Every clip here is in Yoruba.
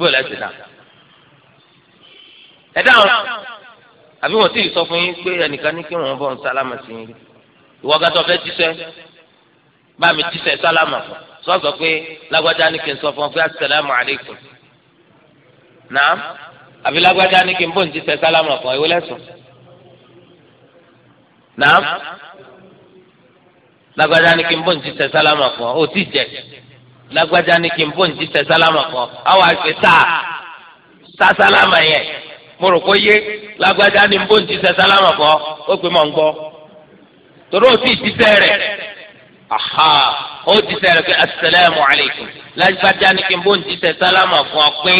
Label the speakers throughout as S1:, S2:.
S1: bóyá ẹ ti dà ẹ dáhùn àbí wọn sì sọ fún yín pé ẹnìkan ní kí wọn bọ sálámà sí yín ìwọ gàtọ fẹ jíṣẹ́ bá mi jíṣẹ́ sálámà sọ sọ pé lágbájá ní kí n sọ fún ọ pé asalaamu aleykum naam
S2: àbí lágbájá ní kí n
S1: bò ń jíṣẹ́ sálámà fún ọ ìwé lẹsùn naam
S2: lágbájá ní kí n bò ń
S1: jíṣẹ́ sálámà fún ọ ò tí jẹ
S2: lágbájá ní kí n bó ń
S1: ti tẹ sálámà kan àwọn àgbẹ̀ sá sá sálámà yẹn
S2: mo rò kó yé lágbájá ní n bó ń ti tẹ sálámà kan
S1: ó pè mọ̀ ń gbọ́ torí o sì ti tẹ aha ó ti tẹ pé asalaamu alaykum lágbájá ní kí n bó ń tẹ sálámà kan pé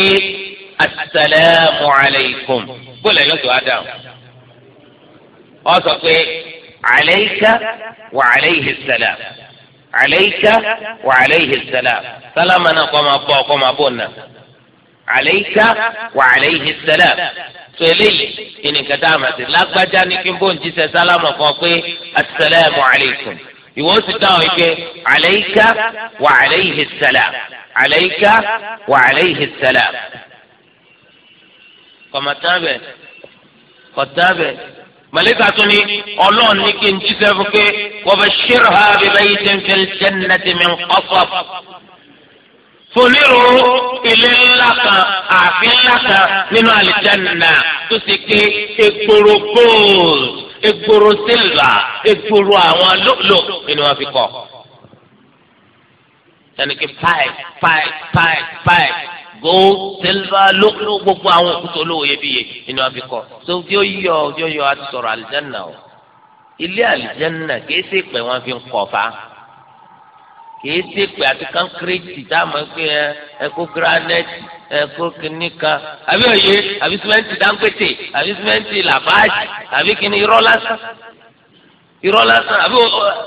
S1: asalaamu alaykum bólẹ̀ yóò tó a dáhùn ọ sọ pé alayka wa alayhi salaam alayka wa alayhi salam sálámà náà kọ́ máa bọ́ ọkọ́ máa bọ̀ náà alayka wa alayhi salam
S2: tó eléyìí
S1: ní kẹta àmàtì lágbájá ní kí n bó ń jíṣẹ́ sálámà kan pé asalaamu alaykum ìwọ sì dáhùn ike alayka wa alayhi salam alayka wa alayhi salam kọ̀mọ̀tàbẹ̀ kọ̀tàbẹ̀.
S2: Malika, tún ni ọlọ́run ní kí n jíṣẹ́ fún pé wa bashshirha bi baytin fil
S1: jannati min qasab. fonírò ilé ńlá kan ààfin ńlá kan nínú àlìjánnà tó ti pé egboro gold egboro silver egboro àwọn lòlò nínú wọn fi kọ́. yàní pipe pipe pipe pipe gold silver lókùnrin gbogbo àwọn òkúta olówó iyebíye inú àfikọ tó kí ó yọ ọjọ́ yọ àti sọ̀rọ̀ àlìjánà o ilé àlìjánà kìí ṣe pé wọ́n fi ń kọ́ fa kìí ṣe pé àti kankireti tá a máa ń pè ẹ ẹkọ granite ẹkọ kìnìkan àbí òye àbí simẹnti dangote àbí simẹnti labaji àbí kìnì irọ́ lásán irọ́ lásán àbí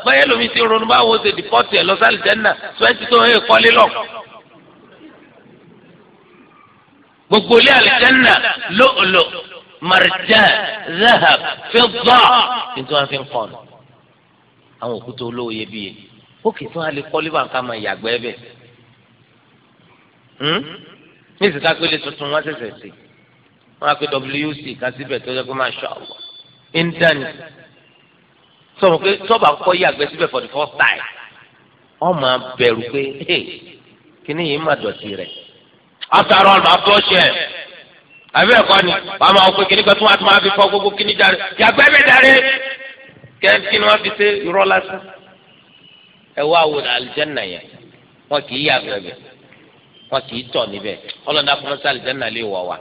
S1: báyẹn lomi ti ronú báwo ṣe dìpọ́tì ẹ̀ lọ sí àlìjánà simẹnti tó ń kọ́lé lọ gbogbo ilé àlìjẹ́nà lóòlò marjan zahab fidda tuntun wọn fi ń kọ́nù àwọn òkúta olówó iyebíye ó kì í tún alẹ́ kọ́lé bá nǹkan máa yàgbẹ́ bẹ́ẹ̀ hmm? ní ìsìnká pélé tuntun wọn ṣẹ̀ṣẹ̀ sí wọn á pé wc kan tó yẹ kó máa ṣọ àwọn íńtánì sọ̀rọ̀ pé sọ́ọ̀bà kọ́ yàgbẹ́ síbẹ̀ for the first time wọ́n máa bẹ̀rù pé kíní yìí má dọ̀tí rẹ̀ after all máa bọ́ ṣe ẹ̀ àbí ẹ̀kọ́ ni wàá máa wọ pé kíní kan tún wàá tún máa fi fọ́ gbogbo kíní jáde yàgbẹ́ mi dáre
S2: kí ni wọ́n fi ṣe
S1: irọ́ lásán ẹ wá wo àlùjánnà yẹn wọn kì í yàgbẹ́ bẹ̀ wọn kì í tọ̀ níbẹ̀ ọlọ́dà fún mọ́sá àlùjánnà lè wọ̀ wá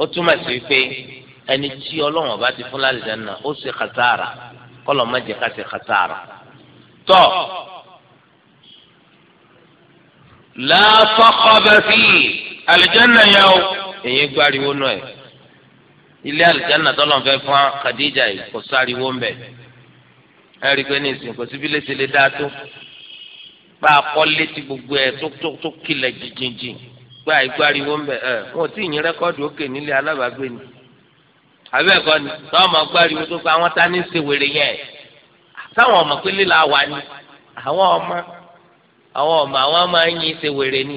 S1: ó túmọ̀ sí pé ẹni tí ọlọ́run ọba ti fún lálùjánnà ó ṣe kàtàrà kọ́lọ́ láfọkọbẹsì alìjẹnà yẹ o èyí gbariwo nù ẹ ilé alìjẹnà tọlọ fẹ fún Khadija yìí kò sáriwo ń bẹ ẹ rí i pé ní ìsìn kò síbi lè ṣe lè dáa tó bá a kọ́ létí gbogbo ẹ̀ tó tó tó kilẹ̀ jìjìnjìn gba ìgbariwo ń bẹ ẹ wọn ò tí ì yín rẹ́kọ́ọ̀dù òkè nílé alábàágbé ni àbí ẹ̀kọ́ ni táwọn ọmọ gbariwo tó pa àwọn tá ní ṣe wèrè yẹn táwọn ọmọ pélé la wà àwọn ọmọ àwọn ọmọ àwọn máa ń yin ṣe wèrè ni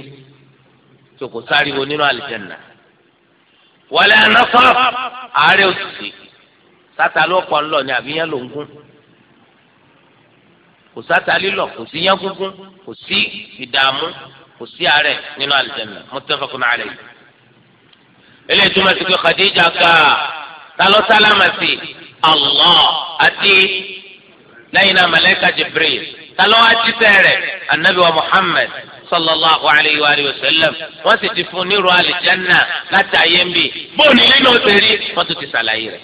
S1: sòkò sáré wo nínú àlìjẹnà wọlé ẹnọfọ àárẹ òsì sátà ló pọ ńlọ ni àbí yẹn ló ń gún kò sátà lílọ kò sí yẹn gúngún kò sí ìdààmú kò sí àárẹ nínú àlìjẹnà muttafaqun alayhi eléyìí túmọ̀ sí pé Khadija ká ta sálámà sí Allah àti
S2: lẹ́yìn náà màláíkà
S1: Jibril talọ́wọ́ jíṣẹ́ rẹ̀ anabi wa muhammed sallallahu alayhi wa sallam wọ́n sì ti fún nírú alìjẹ́nà láti ayé ń bì bóòlù nínú òṣèré wọ́n tún ti ṣàlàyé rẹ̀.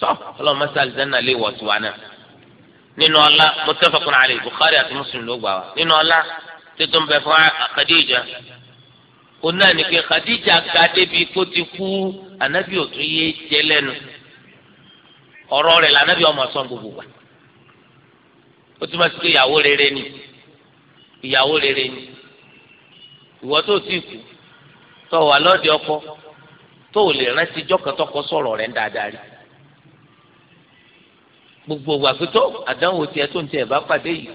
S1: tọ́ ọlọ́run mọ́sá alìjẹ́nà lè wọ̀ tiwa náà
S2: nínú ọlá muttafaqun alayhi
S1: bukhari àti muslim ló gbà wá nínú ọlá tuntun bẹ fún khadija òun náà ní pé khadija ga débi kó ti kú anabi òtún yé jẹ lẹ́nu ọ̀rọ̀ rẹ̀ lànàbí ọmọ sọ gbogbo wa ó túmọ̀ sí pé ìyàwó rere ni ìyàwó rere ni ìwọ tó ti kú tó wà lọ́ọ̀dì ọkọ tó ò lè rántí jọ́kàntọ́kọ sọ̀rọ̀ rẹ̀ ń dáadáa rí gbogbo wàgbétọ́ àdánwò tiẹ̀ tó ń tiẹ̀ bá pàdé yìí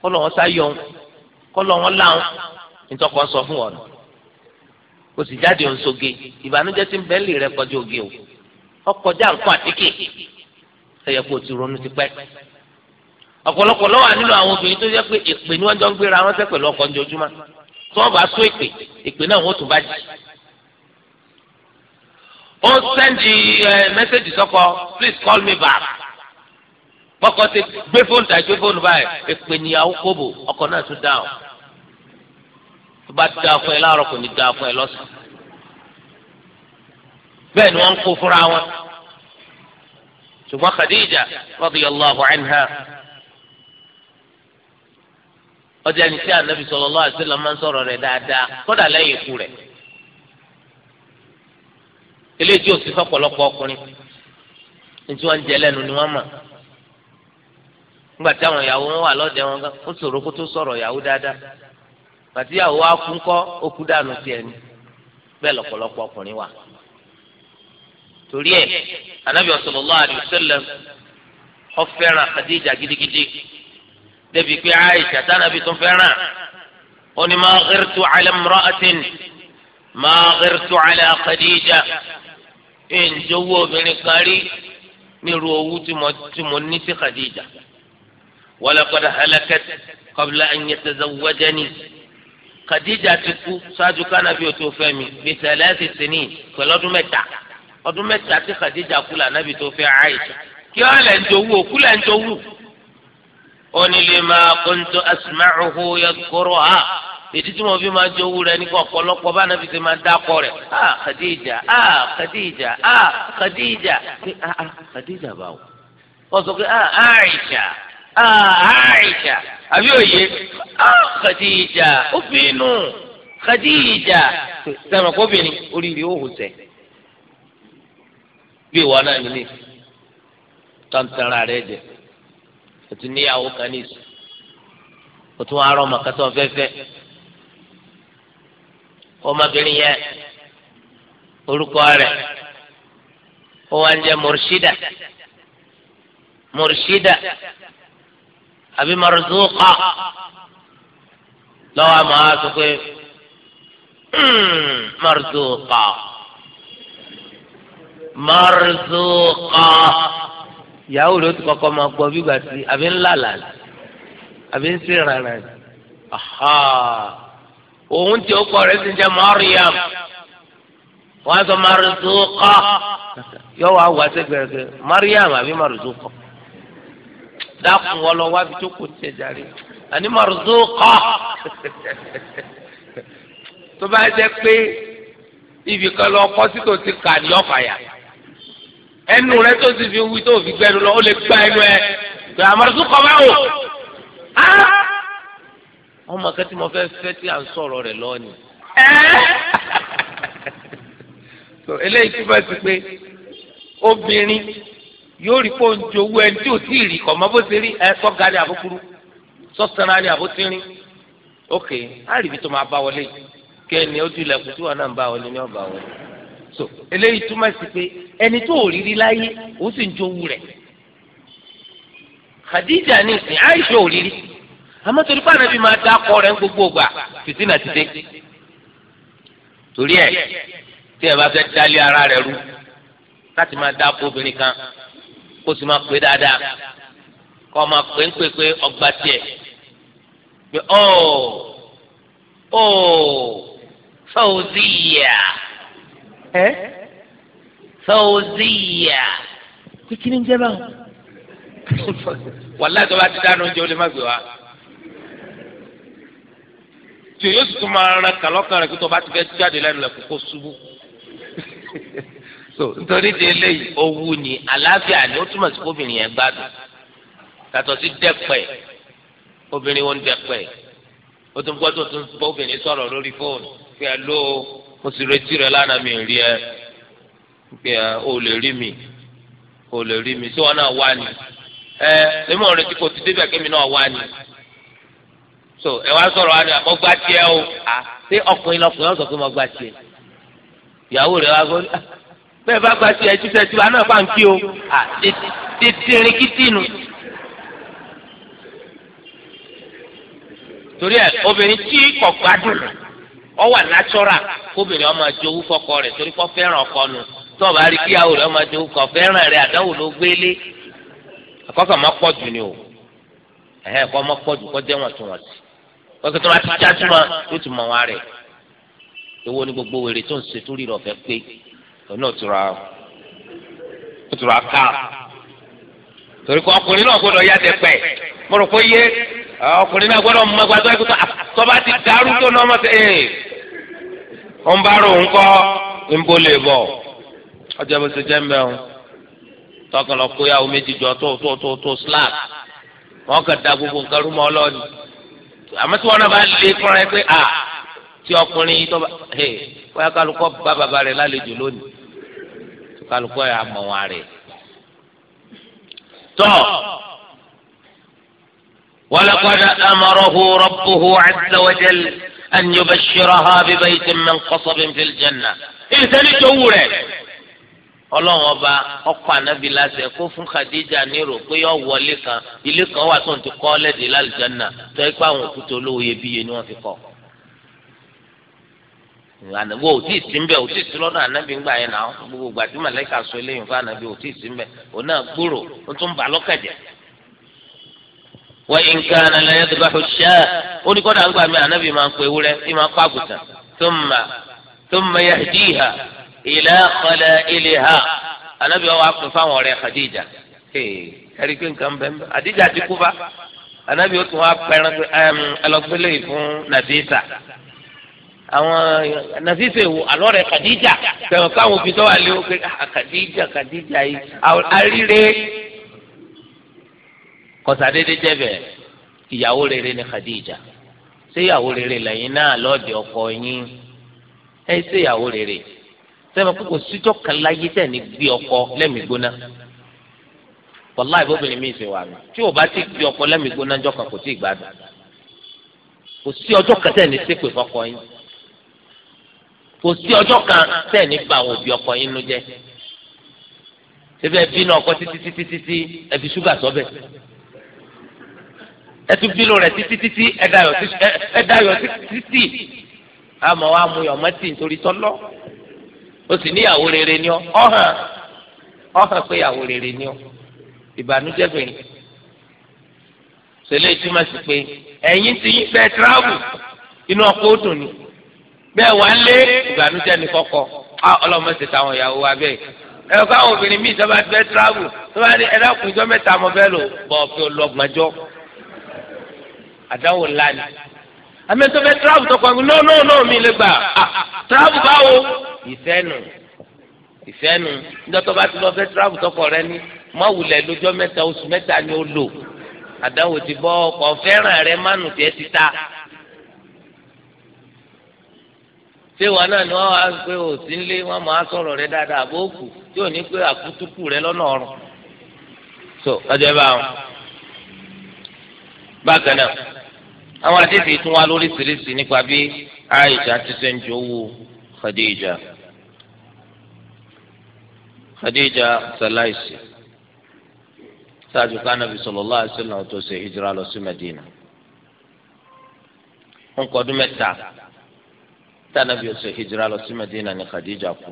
S1: kọ́lọ̀ wọn sá yọ̀ kọ́lọ̀ wọn láwọn nítọ́kọ sọ fún wọn kò sì jáde òun soge ìbànújẹ́ ti ń bẹ́ẹ̀lì rẹ kọjá oge o ọkọjá nǹkan àtíkè ẹ̀yẹ kò ti ronú ti ọ̀pọ̀lọpọ̀ lọ́wọ́ ànílò àwọn obìnrin tó yẹ pé èpè ni wọ́n jọ ń gbéra wọn sẹ́ pẹ̀lú ọkọ̀ ojoojúmọ́ tí wọ́n bá sún èpè èpè náà wọ́n tún bá jì. ó sẹ́ndì mẹ́sẹ̀gì sọ́kọ please call me back. bọ́kọ ti gbé fóònù tàbí gbé fóònù báyìí èpè ni àwọn kóbò ọkọ̀ náà tún dáhùn. tó bá dáa fún ẹ láàárọ̀ kò ní dáa fún ẹ lọ́sàn. bẹ́ẹ̀ ni wọ́n ń kó fúnra wọn. ṣùgbọ́n Khadija radiyallahu anha ọjọ́ ẹni tí anabi sallallahu alaihi wasallam máa ń sọrọ rẹ̀ dáadáa kódà lẹ́yìn ikú rẹ̀ eléyìí o fọpọlọpọ ọkùnrin ntí wọn jẹ lẹnu ni wọn mọ̀ nígbà tí àwọn ìyàwó wọn wà wọn gan ó ṣòro kó tó sọ̀rọ̀ ìyàwó dáadáa pàtí wa dànù ni ọkùnrin wà torí gidigidi. débi pé Aisha tánàbí tó fẹ́ràn ó ní máa ghirtu ala imra'atin máa ghirtu ala Khadija ìjọwọ́ obìnrin kan rí nírú owó tí mo ní sí Khadija walaqad halakat qabla an yatazawwajani Khadija ti kú ṣáájú kánábì ó tó fẹ́ mi bi thalathi sinin pẹ̀lú ọdún mẹ́ta ọdún mẹ́ta tí Khadija kú lànàbì tó fẹ́ Aisha kí wọ́n lẹ́ ń jowó kú lẹ́ ń jowó ó ní lima kuntu asma'uhu yadhkuruha ìdí tí mo fi máa jowú rẹ ní ọ̀pọ̀lọpọ̀ bá nàbí ti máa dákọ rẹ ah Khadija ah Khadija ah Khadija pé ah ah Khadija báwo wọ́n sọ pé ah Aisha ah Aisha
S2: àbí òye ah Khadija ó fi
S1: inú Khadija
S2: sẹ́mi
S1: oríire ó hù sẹ́ bí ìwọ náà nílé tọ́ntara rẹ jẹ o ti níyàwó kan ní ìsìn o tún arọ ọmọ kẹtọ fẹfẹ ọmọbìnrin yẹn orúkọ rẹ̀
S2: ó wá ń jẹ murshida murshida
S1: àbí marzuqa lọ́wọ́ àmọ́ á sọ pé hmm, ìyàwó rẹ̀ ó ti kọ́kọ́ máa gbọ́ bígbà tí àbí ńlá làlà àbí ń sè rárá ni òun tí ó kọ rẹ̀ ti jẹ́ Mariam wọ́n á sọ Marzuqa yọ̀wọ́ àwọn àtẹ̀gbẹ̀rẹ̀ Mariam àbí Marzuqa dákun wọ́n lọ wá bí tó kò tiẹ̀ járe àní Marzuqa tó bá jẹ́ pé ibì kan lọ kọ́ sí tòun ti kà ní ọ̀fàyà ẹnu rẹ tó sì fi wí tó fi gbẹnu lọ ó lè gba ẹnu ẹ gbẹ àmọ́tún kọ́ báwò ọmọ kan tí mo fẹ́ fẹ́ tí à ń sọ̀rọ̀ rẹ̀ lọ ni.
S2: tó eléyìí túbọ̀ sí pé
S1: obìnrin yóò rí kó ń jowó ẹni tí ò tí ì rí kọ̀ mọ́ bó ṣe rí ẹ sọ́ga ni àbókúrú sọ́sẹ̀ra ni àbótírín ok á rí ibi tó máa bá wọlé kí ẹni ó dúlẹ̀ kùtù wọn náà ń bá wọlé ní ọ̀bà wọlé so eléyìí túmọ̀ sí pé ẹni tó ò rírí láyé ó sì ń jowú rẹ̀ Khadija ní ìsìn Aisha ò rírí àmọ́ torí pàrọ̀ bí máa dá kọ́ rẹ̀ ń gbogbo gbà fìtínà ti dé torí ẹ̀ tí ẹ bá fẹ́ dálé ara rẹ̀ rú láti máa dá kó obìnrin kan kó sì máa pè dáadáa kó o máa pè ń pè pé ọgbà tiẹ̀ pé ọ́ọ̀ oh, ọ́ọ̀ oh, Fawziya ẹ eh? fẹwùzíyà
S2: kíkiri ń jẹ báwọn
S1: wàlá tó bá ti dáná oúnjẹ ó lè má gbé wa tí o yóò sì tún máa ran kàlọ́kàn rẹ̀ kí tó bá ti fẹ́ jáde lẹ́nu rẹ̀ kókó ṣubú
S2: so nítorí de eléyìí
S1: owó ni àlàáfíà ni ó túmọ̀ sí kóbìnrin yẹn gbádùn tàtọ̀ sí dẹ́pẹ́ obìnrin wọn dẹ́pẹ́ o tún gbọ́dọ̀ tún bọ́ obìnrin sọ̀rọ̀ lórí fóònù fẹ́ lóo mo sì retí rẹ lánàá mi rí ẹ pé ó lè rí mi ó lè rí mi tí wọn náà wá ni ẹ èmi retí kò ti débẹ̀ kémi náà wá ni so ẹ wá sọ̀rọ̀ wani àmọ́ gba tiẹ̀ o à ṣé ọkùnrin lọkùnrin ọ̀sọ̀ pé mo gba tiẹ̀ ìyàwó rẹ wá gbọ́ bẹ́ẹ̀ bá gba tiẹ̀ jíṣẹ́ tiwa náà bá ń kí o à tètè rìn kìtì nù.
S2: torí ẹ obìnrin tí kò gbádùn rẹ.
S1: ọ wà nàtsọ́ra kóbìnrin ọmọ adjowó fọkọ rẹ̀ torí kọ́ fẹ́ràn ọkọ nu tó kíyàwó rẹ̀ ọmọ adjowó kọ́ fẹ́ràn rẹ̀ àdáwò ló gbélé àkọ́kọ́ má jù ni o ẹ̀hẹ́ kọ́ má pọ̀ jù kọ́ tún sí tó ti já mọ̀ rẹ̀ gbogbo tó ń tó ọkùnrin náà gbọ́dọ̀ mọ gbàgbọ́ ẹ kótó tọba ti dàrú tó náà mọ sí ẹ ń bá rò ń kọ ń bó lè bọ ọjọ́ bó ṣe jẹ ń bẹ ọ tọkàn lọ kó yàwó méjì jọ tó tó tó tó slack wọn kàn da gbogbo nǹkan rúmọ ọlọ́ọ̀ni àmọ́ tí wọn náà bá lé fúnra ẹ pé a tí ọkùnrin yìí tọba ẹ wọ́n yà kálukọ́ bá bàbá rẹ̀ lálejò lónìí kálukọ́ yà mọ̀ wọn rẹ̀
S2: tọ́.
S1: ولقد أمره ربه عز وجل
S2: أن يبشرها ببيت
S1: من قصب في الجنة
S2: إنسان جوره
S1: ọlọ́run ọba ọkọ̀ ànábì lásẹ̀ kó fún Khadija nírò pé yọ wọlé kan ilé kan wà tó ń ti kọ́ lẹ́dí lálùjáná tó ẹ pé àwọn òkúta olówó iyebíye ni wọ́n fi kọ́. ànábì ò tí ì sí mbẹ́ ò tí ì sí lọ́dọ̀ ànábì ńgbà yẹn náà gbogbo gbàdúmọ̀ lẹ́ka sọ eléyìí fún ànábì ò tí ì sí mbẹ́ òun náà gbúrò ó tún bà lọ́kẹ̀jẹ̀ wa nǹkan alẹ́ yẹn ti bá ṣe ó ní kọ́dà ńgbà mi ànábì máa ń pe ewúrẹ́ ní máa ń pa àgùntàn thumma thumma yahdiha ila khalailiha ànábì wa pè fáwọn ọ̀rẹ́ Khadija ẹ̀rí pé nǹkan bẹ́ẹ̀ bẹ́ẹ̀ Khadija ti kú bá ànábì ó tún wá pẹ́ran ẹlọ́gbẹ́lẹ́ fún Nafisa àwọn Nafisa èwo àlọ́ rẹ̀ Khadija tẹ̀wọ̀n káwọn òbí tó wà lé kọsàdédé jẹbẹ ìyàwó rere ni Khadija ṣé ìyàwó rere lẹ́yìn náà lọdẹ ọkọ yín ẹ ṣe ìyàwó rere sẹmọ kókò síjọ kan láyé tẹ ní gbé ọkọ lẹmí gbóná wàláì bóbìnrin mi ṣe wà mí tí o bá ti gbé ọkọ lẹmí gbóná jọ kan kò tí ì gbádùn kò sí ọjọ́ kan tẹ ní ṣépè yín kò sí ọjọ́ kan tẹ bá àwọn òbí ọkọ yín nú jẹ ṣé bẹ́ẹ̀ bínú ọkọ títí títí títí ẹ ṣúgà sọ́bẹ̀ ẹtú bílò rẹ títí títí ẹdayọ títí àmọ́ wa mú yọ mọtì nítorí tọlọ o sì níyàwó rere ni ọ ọhàn ọhàn pé yàwó rere ni ọ ìbànújẹ́ bẹ̀rẹ̀ sẹlẹ túmọ̀ sí pé ẹ̀yin ti yín bẹ́ẹ̀ tíráàbù inú ọkọ̀ ó dùn ni bẹ́ẹ̀ wà á lé ìbànújẹ́ ní kọ́kọ́ á ọlọ́mọ̀ọ́sẹ̀ táwọn ìyàwó wa bẹ́ẹ̀ ẹ̀rọ káwọn obìnrin míì sábà bẹ́ẹ̀ tíráàbù tó bá ní ẹ̀dá kùnjọ́ mẹ́ta mọ́ bẹ́ẹ̀ lò bọ̀ ọ̀fẹ́ ọlọ́gbọ̀njọ́ àdáwò ńlá ni àmì tó fẹ́ tíráàbù tó kọ́ no no no mi lè gbà
S2: ah, tíráàbù báwo
S1: ìfẹ́ nù ìfẹ́ nu níjọ́tọ́ bá ti lọ fẹ́ tíráàbù tọkọ rẹ ní má wulẹ̀ lójọ́ mẹ́ta oṣù mẹ́ta ni ó lò àdáwò ti bọ́ ọkọ̀ fẹ́ràn rẹ mánu tiẹ̀ ti ta. ṣé ìwà náà ni wọ́n wá pé ò sí nílé wọ́n máa sọ̀rọ̀ rẹ dáadáa àbó kù tí ò ní pé àkútúkù rẹ lọ́nà ọ̀run. so ọjọ́ bá wọn bákan náà
S2: àwọn àdéhìí tún
S1: wá lóríṣiríṣi nípa bí Aisha ti ṣe ń jowó Khadija Khadija salaisi sáájú kánábì sallallahu alaihi wasallam tó ṣe hijira lọ sí Medina ń kọdún mẹ́ta tánábì ó ṣe lọ sí Medina ní Khadija kú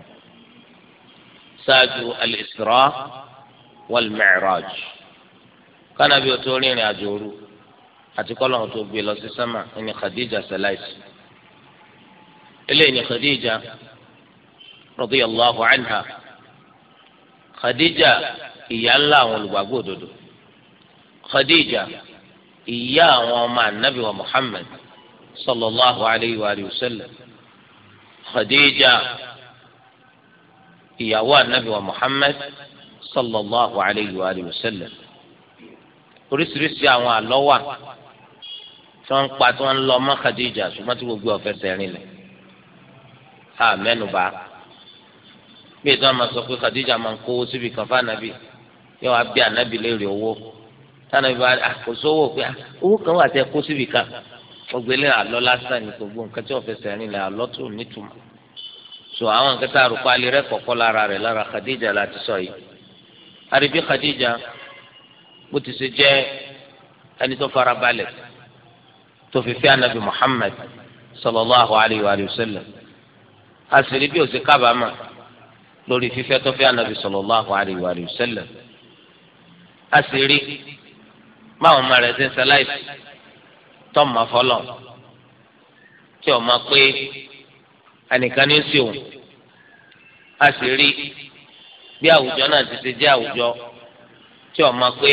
S1: sáájú al-Isra wal-Mi'raj kánábì ó tó àjò òru àti kọ́lọ́hún tó gbé lọ sí sámà ẹni Khadija sẹláìsì eléyìí ni Khadija radiyallahu anha Khadija ìyá ńlá àwọn olùgbàgbọ́ òdodo Khadija ìyá àwọn ọmọ anabi wa Muhammad sallallahu alayhi wa sallam
S2: Khadija
S1: ìyàwó anabi wa Muhammad sallallahu alayhi wa sallam oríṣiríṣi àwọn àlọ́ wà tí wọ́n ń pa tí wọ́n ń lọ mọ́ Khadija ṣùgbọ́n tí gbogbo ọ̀fẹ́ sẹ́rin lẹ̀ ha mẹ́nuba bí ètò àmọ́ sọ pé Khadija máa ń kówó síbi kan fáànàbì yóò wá bí ànábì léèrè owó tánàbì bá àkóso ah, pé ah, owó kan wà tẹ kó síbi kan gbogbo ilé àlọ́ lásán ní gbogbo nǹkan tí ọ̀fẹ́ sẹ́rin lẹ̀ àlọ́ tó nítumọ̀ so àwọn nǹkan tá a rò pa alẹ́ rẹ̀ kọ̀kọ́ lára rẹ̀ lára Khadija láti sọ ti ṣe jẹ́ ẹni tó fara balẹ̀ tó fi fẹ́ anabi muhammed sallallahu alayhi wa sallam àṣírí bí ó ṣe kábàámà lórí fífẹ́ tó fẹ́ anabi sallallahu alayhi wa sallam àṣírí
S2: báwọn ọmọ rẹ̀ ṣe ń ṣaláìsí
S1: tó máa fọlọ́ tí ọmọ pé ẹnìkan ní sí òun àṣírí bí àwùjọ náà ti ṣe jẹ́ àwùjọ tí ọmọ pé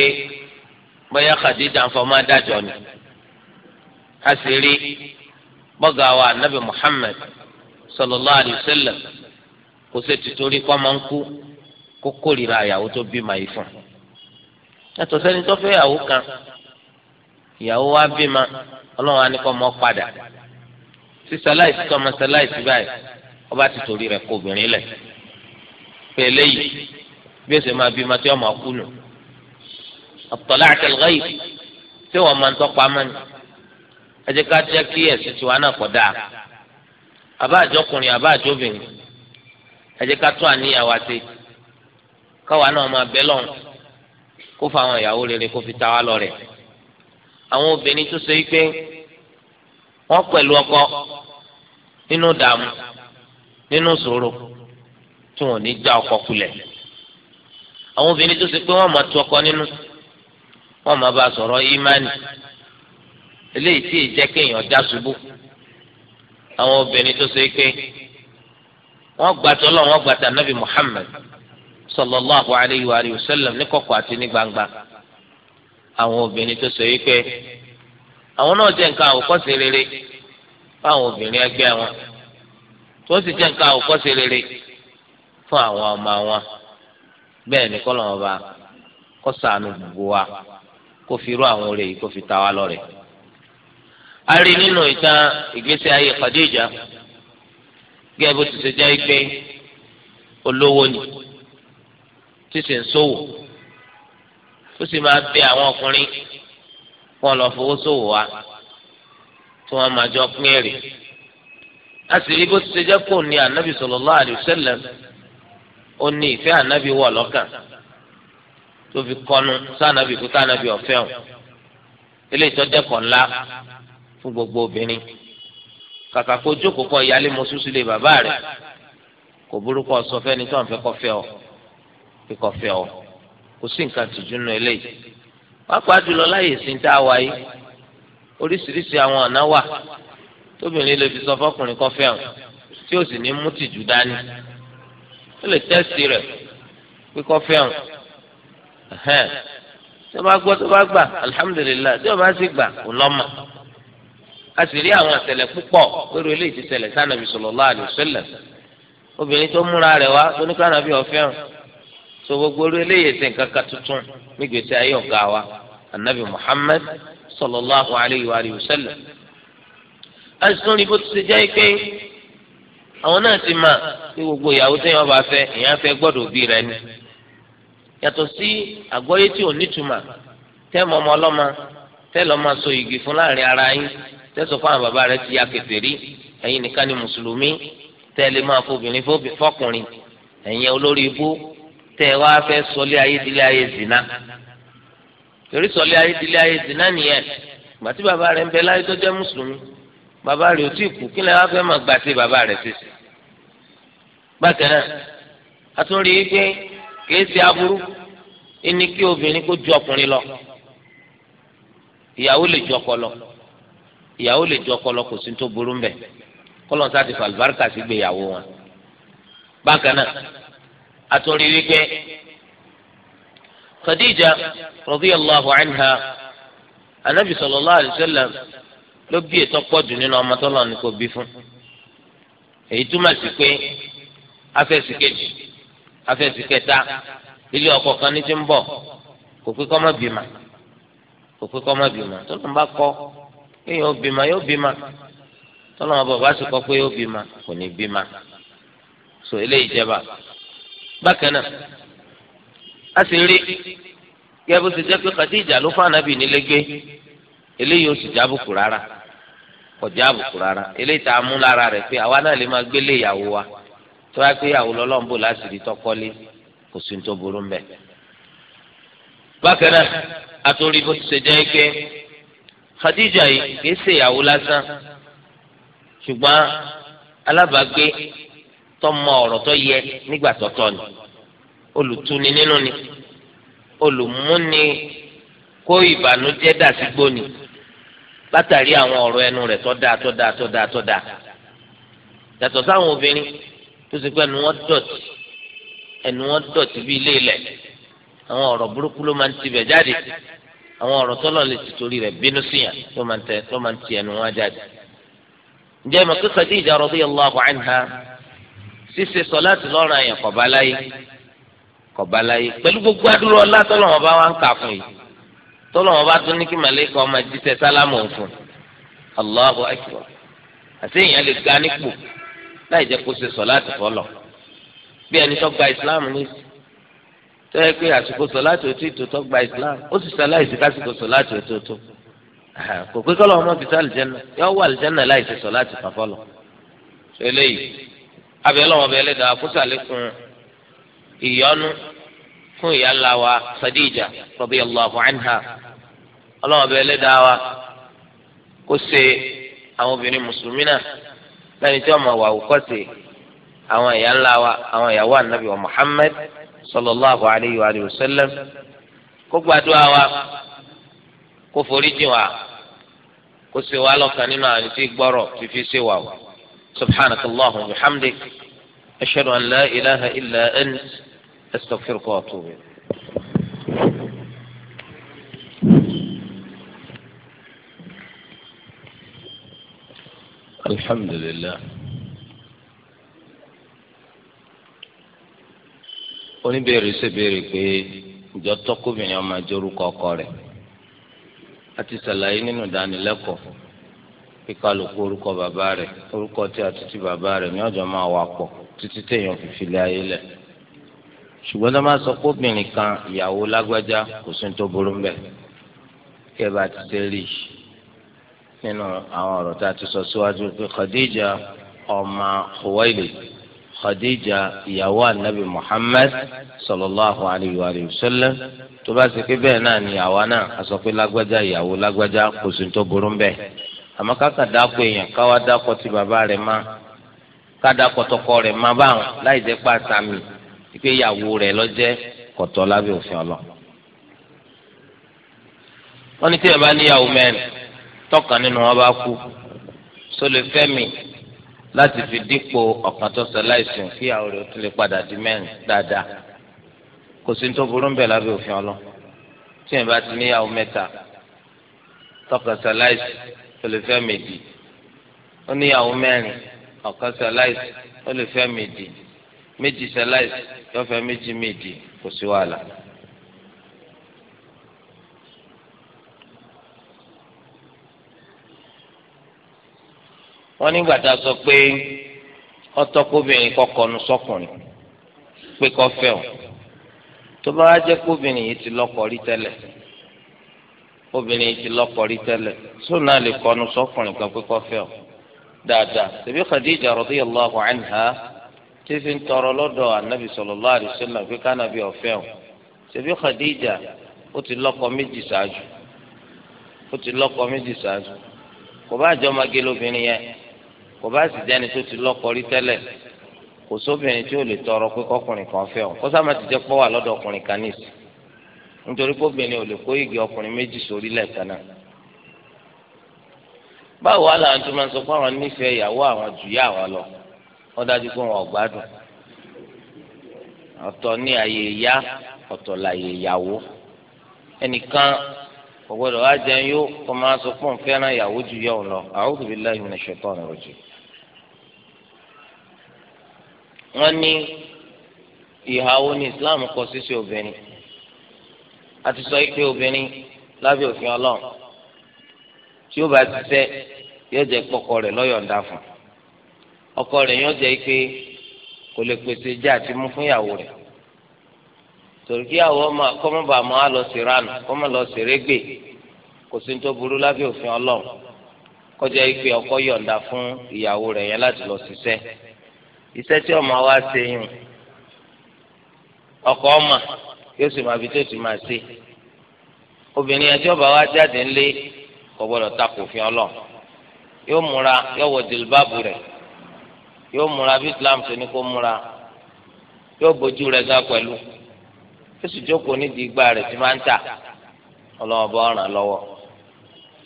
S1: bóyá Khadija ń fọ máa dájọ́ ni a sì rí bọ́gà wa anabi muhammed sallallahu alayhi wa sallam kò sí tìtorí kó máa ń kú kó kórìíra ìyàwó tó bímọ yìí fún un. yàtọ̀ sẹ́ni tó fẹ́ ìyàwó kan ìyàwó wa bímọ ọlọ́run á ní kó mọ́ padà sísáláìsì tó ọmọ sáláìsì báyìí ọba tìtorí rẹ̀ kó obìnrin lẹ̀ pẹ̀lẹ́ yìí bí ó sì máa bímọ tí ọmọ kú nù. ọ̀pọ̀lọ́ àtẹlẹ́yìn tí wọ́n máa ń tọ́pa mọ́ni ẹ jẹ́ ká jẹ́ kí ẹ̀sìn tiwa náà pọ̀ dáa àbá àjọkùnrin àbá àjọbìnrin ẹ jẹ́ ká tún àníyàwó àti káwa náà máa bẹ́ lọ́hùn kó fa àwọn ìyàwó rere kó fi ta wá lọ rẹ̀ àwọn obìnrin tó ṣe pé wọ́n pẹ̀lú ọkọ nínú dààmú nínú ṣòro tí wọ́n ní já ọkọ kulẹ̀ àwọn obìnrin tó ṣe pé wọ́n máa tu ọkọ nínú wọ́n máa bá a sọ̀rọ̀ ìmánì eléyìí tí ì jẹ́ kéèyàn já ṣubú àwọn obìnrin tó ṣe pé wọ́n gbà tọ́lọ́ wọ́n gbà nàbì Muhammad sallallahu alayhi wa sallam ní kọ̀kọ̀ àti ní gbangba àwọn obìnrin tó ṣe pé àwọn náà jẹ́ nǹkan àwòkọ́ṣe rere fáwọn obìnrin ẹgbẹ́ wọn tó sì jẹ́ nǹkan àwòkọ́ṣe rere fún àwọn ọmọ wọn bẹ́ẹ̀ ni kọ́lọ́mọba kó ṣàánú gbogbo wa kó fi irú àwọn oore yìí kó fi ta wá lọ́rẹ̀ẹ́
S2: a rí nínú ìtàn ìgbésí ayé Khadija gẹ́gẹ́ bó ti ṣe jẹ́ pé
S1: olówó ni tí sì ń ṣòwò ó sì máa bẹ àwọn ọkùnrin wọn lọ fowó ṣòwò wa tí wọn máa jọ pín èrè a sì rí bó ti ṣe jẹ́ kó ní ànábì sallallahu alaihi wasallam ó ní ìfẹ́ ànábì wọ̀ lọ́kàn tó fi kọnu sáànábì kú sáànábì ọ̀fẹ́ o ilé ìtọ́jẹ́kọ̀ ńlá fún gbogbo obìnrin kàkà kó jókòó kọ ìyálé mo súsú lé bàbá rẹ kò burúkọ sọ fẹ́ni tó ń fẹ́ kọ fẹ́ ọ kíkọ fẹ́ ọ kò sí nǹkan tìjú nù eléyìí wàá jùlọ láyè sí ń tá a wáyé oríṣiríṣi àwọn ọ̀nà wà tóbìnrin lè fi sọ fọkùnrin kọ fẹ́ ọ tí ó sì ní mú tìjú dání ó lè tẹ́sì rẹ̀ kíkọ fẹ́ ọ tó bá gbọ́ tó bá gbà alihamudulilayi tí o bá sì gbà kò lọ́mọ a sì rí àwọn àṣẹlẹ̀ púpọ̀ lórí eléyìí ti ṣẹlẹ̀ sànàbì sallallahu alaihi wasallam obìnrin tó múra rẹ̀ wá tó ní kànàbì ọ̀fẹ́ hàn so gbogbo orí eléyìí ẹsẹ̀ nǹkan kan tuntun nígbèsè ayé ọ̀gá wa anabi Muhammad sallallahu alaihi wa alihi wasallam
S2: a sì tún rí bó ti ṣe jẹ́ pé
S1: àwọn náà ti mà pé gbogbo ìyàwó téèyàn bá fẹ́ èèyàn fẹ́ gbọ́dọ̀ bí rẹ̀ ni yàtọ̀ sí àgbọ́yé tí ò nítumà tẹ́ mọ́ ọmọ ọlọ́mọ tẹ́lọ̀ máa so igi fún láàrin ara yín tẹ́sọ̀ fún àwọn bàbá rẹ ti ya kèfèrí ẹ̀yin nìkan ni mùsùlùmí tẹ́lẹ̀ máa fobìnrin fọkùnrin ẹ̀yin olórí ibú tẹ́ ẹ wá fẹ́ sọlé ayé dilé ayé zina torí sọlé ayé dilé ayé zina nìyẹn gbàtí bàbá rẹ ń bẹ láyé tó jẹ́ mùsùlùmí bàbá rẹ ò tí ì kú kí lè wá fẹ́ máa gbàtí bàbá rẹ ṣe sí bákan náà a tún rí i pé kì í ṣe aburú ẹni kí obìnrin kó ju ọkùnrin lọ ìyàwó lè ju ọkọ lọ ìyàwó lè ju ọkọ lọ kò sí tó burú mbẹ kọlọn sáà ti fa àlùbáríkà sí gbéyàwó wọn bákan náà àtúndì wípé Khadija radiyallahu anha anabi sallallahu alayhi wa sallam ló bí ètò pọ̀jù nínú ọmọ tọ́lọ̀ ní kò bí fún èyí túmọ̀ sí pé afẹ́sí kejì afẹ́sí kẹta
S2: ilé ọkọ kan ní ti ń bọ̀
S1: kò pé kọ́ mọ́ bímọ kò pé kọ́ má bímọ tọ́lọ́mọ bá kọ́ kéèyàn ó bímọ yóò bímọ tọ́lọ́mọ bàbá sì kọ́ pé yóò bímọ kò ní bímọ sọ eléyìí jẹba bákan náà a sì rí gẹ́gẹ́ bó ti jẹ́ pé Khadija ló fún ànábì nílé gbé eléyìí ó sì jábùkù rárá kọjá àbùkù rárá eléyìí tá a mú lára rẹ̀ pé àwa náà lè máa gbélé ìyàwó wa tó wá pé ìyàwó lọ́lọ́mbò láti rí tọ́kọ́lé kò sí ní tó burú mbẹ́.
S2: bákan náà àtòrí bó ti ṣe jẹ́ pé
S1: Khadija yìí kìí ṣe ìyàwó lásán ṣùgbọ́n alábàágbé tó mọ ọ̀rọ̀ tó yẹ nígbà tọ̀tọ̀ ni olùtúni nínú ni olùmúni kó ìbànújẹ́ dà sí gbóni látàrí àwọn ọ̀rọ̀ ẹnu rẹ̀ tó dáa tó dáa tó dáa tó dáa yàtọ̀ sáwọn obìnrin tó ti pẹ́ ẹnu wọn dọ̀tí ẹnu wọn dọ̀tí bí ilé ilẹ̀ àwọn ọ̀rọ̀ burúkú ló máa ń tibẹ̀ jáde àwọn ọ̀rọ̀ tọ́lọ̀ lè ti torí rẹ̀ bínú sí yàn tó máa ń tẹ tó máa ń ti ẹnu wọn jáde. ǹjẹ́ ìmọ̀ kí Khadija radiyallahu anha ṣíṣe lọ́rùn àyàn láyé pẹ̀lú gbogbo adúrú ọlá tọ́lọ̀ bá wà ń kà fún yìí tọ́lọ̀ bá tún ní kí màlẹ́kọ̀ ọmọ jíṣẹ́ sálámù Allahu akbar àti èèyàn lè ga nípò láì jẹ́ kó ṣe tó yẹ pé àsìkò sọláàtì òtí ìtòtò gba islam ó sì sàláìsì kásìkò sọláàtì òtòtò kò pé kọ́lọ́ ọmọ bìtá àlìjẹ́nà yọ wọ àlìjẹ́nà láìsí sọláàtì kàfọ́lọ̀ eléyìí abẹ́ lọ́wọ́ bẹ́ẹ̀ lẹ́dàá kúsàlẹ́kùn fún ìyá wa sadíjà radiyallahu anha ọlọ́wọ́ bẹ́ẹ̀ lẹ́dàá wa kó ṣe àwọn obìnrin mùsùlùmí náà lẹ́ni tí wọ́n mọ̀ wà sallallahu alayhi wa sallam kó gbàdúrà wa kó foríjì wa kó ṣe wa lọ́kàn nínú àwọn tí gbọ́rọ̀ tí fi ṣe wa wa subhanak allahumma wa bihamdik ashhadu an la ilaha illa ant astaghfiruka wa atubu ilayk. الحمد لله oníbèrè ṣe béèrè pé ìjọ tọkùnrin ọmọ ajórúkọ ọkọ rẹ̀ àti sàlàyé nínú ìdánilẹ́kọ̀ọ́ kíkálukú orúkọ bàbá rẹ̀ orúkọ tí a títí bàbá rẹ̀ ní ọjọ́ máa wà pọ̀ títí téèyàn fi filẹ̀ ayé lẹ̀ ṣùgbọ́n tó máa sọ pé obìnrin kan ìyàwó lágbájá kò sí tó burú ń bẹ̀ kẹ́ bá ti ṣe rí nínú àwọn ọ̀rọ̀ tá a ti sọ síwájú pé Khadija ọmọ Khuwailid khadija ìyàwó anabi muhammad sallallahu alayhi wa sallam tó bá ṣe pé bẹ́ẹ̀ náà ni àwa náà a sọ pé lágbájá ìyàwó lágbájá kò sí tó burú bẹ́ẹ̀ àmọ́ káka dáko èèyàn káwá dáko ti bàbá rẹ̀ má ká dáko tọkọ rẹ̀ má báwọn láì jẹ́ pa sami pé ìyàwó rẹ̀ lọ́jẹ́ kọ̀tọ́ lábẹ́ òfin ọlọ́ wọ́n ní tí ẹ bá níyàwó mẹ́rin tọkàn nínú wọn bá kú sólè fẹ́mi. So láti fi dípò ọ̀kan tó sọ láìsùn kí àwọn rẹ̀ tún lè padà di mẹ́rin dáadáa kò sí tó burú bẹ́ẹ̀ lábẹ́ òfin ọlọ tí yẹn bá ti níyàwó mẹ́ta tọkọ sọ láìsùn ó lè fẹ́ méjì ó níyàwó mẹ́rin ọ̀kan sọ láìsùn ó lè fẹ́ méjì méjì sọ láìsùn yóò fẹ́ méjì méjì kò sí wàhálà. wọ́n nígbà tá a sọ pé ọtọkùnrin kọkànnù sọkùnrin pé kọ fẹ́ o tó bá jẹ́ kóbìnrin yìí ti lọ́kọ rí tẹ́lẹ̀ obìnrin yìí ti lọ́kọ rí tẹ́lẹ̀ sóun náà lè kọnu sọkùnrin kan pé kọ fẹ́ o dáadáa ṣebí Khadija radiyallahu anha tí fi ń tọrọ lọ́dọ̀ anabi sallallahu alaihi wasallam pé kánabi ọfẹ o ṣebí Khadija ó ti lọ́kọ méjì ṣáájú ó ti lọ́kọ méjì ṣáájú kò bá jọ ọmọge lóbìnrin yẹn kò bá sì jẹ́ni tó ti lọ́kọ rí tẹ́lẹ̀ kò sóbìnrin tí ò lè tọrọ pé kọkùnrin kan fẹ́ ọ kó sábà ti jẹ́ pọ́ wà lọ́dọ̀ ọkùnrin kan nìsí nítorí kóbìnrin ò lè kó igi ọkùnrin méjì sórí lẹ́ẹ̀kan náà báwo wà láwọn tó máa ń sọ pé àwọn nífẹ̀ẹ́ ìyàwó àwọn jù yá àwọn lọ wọ́n dájú pé wọn ò gbádùn ọ̀tọ̀ ní àyè ìyá ọ̀tọ̀ làyè ìyàwó ẹnìkan kò gbọdọ̀ wá jẹun yó kó máa sọ pé òun fẹ́ràn ìyàwó wọ́n ní ìhàwó ní islam kọ sísè obìnrin àti sọ pé obìnrin lábẹ́ òfin ọlọ́run tí ó bá ti fẹ́ yóò jẹ́ pọkọ rẹ̀ lọ́yọ̀ǹda fún ọkọ rẹ̀ yóò jẹ́ pé kò lè pèsè jẹ́ àti mú fún ìyàwó rẹ̀ torí kí ìyàwó kọ́mọ́bà máa lọ sí ránù kọ́mọ́ lọ sí régbè kò sí tó burú lábẹ́ òfin ọlọ́run
S2: kọjá pé ọkọ
S1: yọ̀ǹda fún ìyàwó rẹ̀ yẹn láti lọ ṣiṣẹ́ iṣẹ́ tí ọmọ wa ṣe yùn ọkọ ọmọ yóò sì máa fi tó ti máa ṣe obìnrin ẹjọ́ bá wa jáde ńlé kò gbọ́dọ̀ ta kò fi ọlọ́ yóò múra yóò wọ jìlbáàbù rẹ̀ yóò múra bí Islam ṣe ní kó múra yóò bójú rẹ̀ ga pẹ̀lú yóò sì jókòó nídìí igbá rẹ̀ tí máa ń tà ọlọ́wọ́ bá ràn lọ́wọ́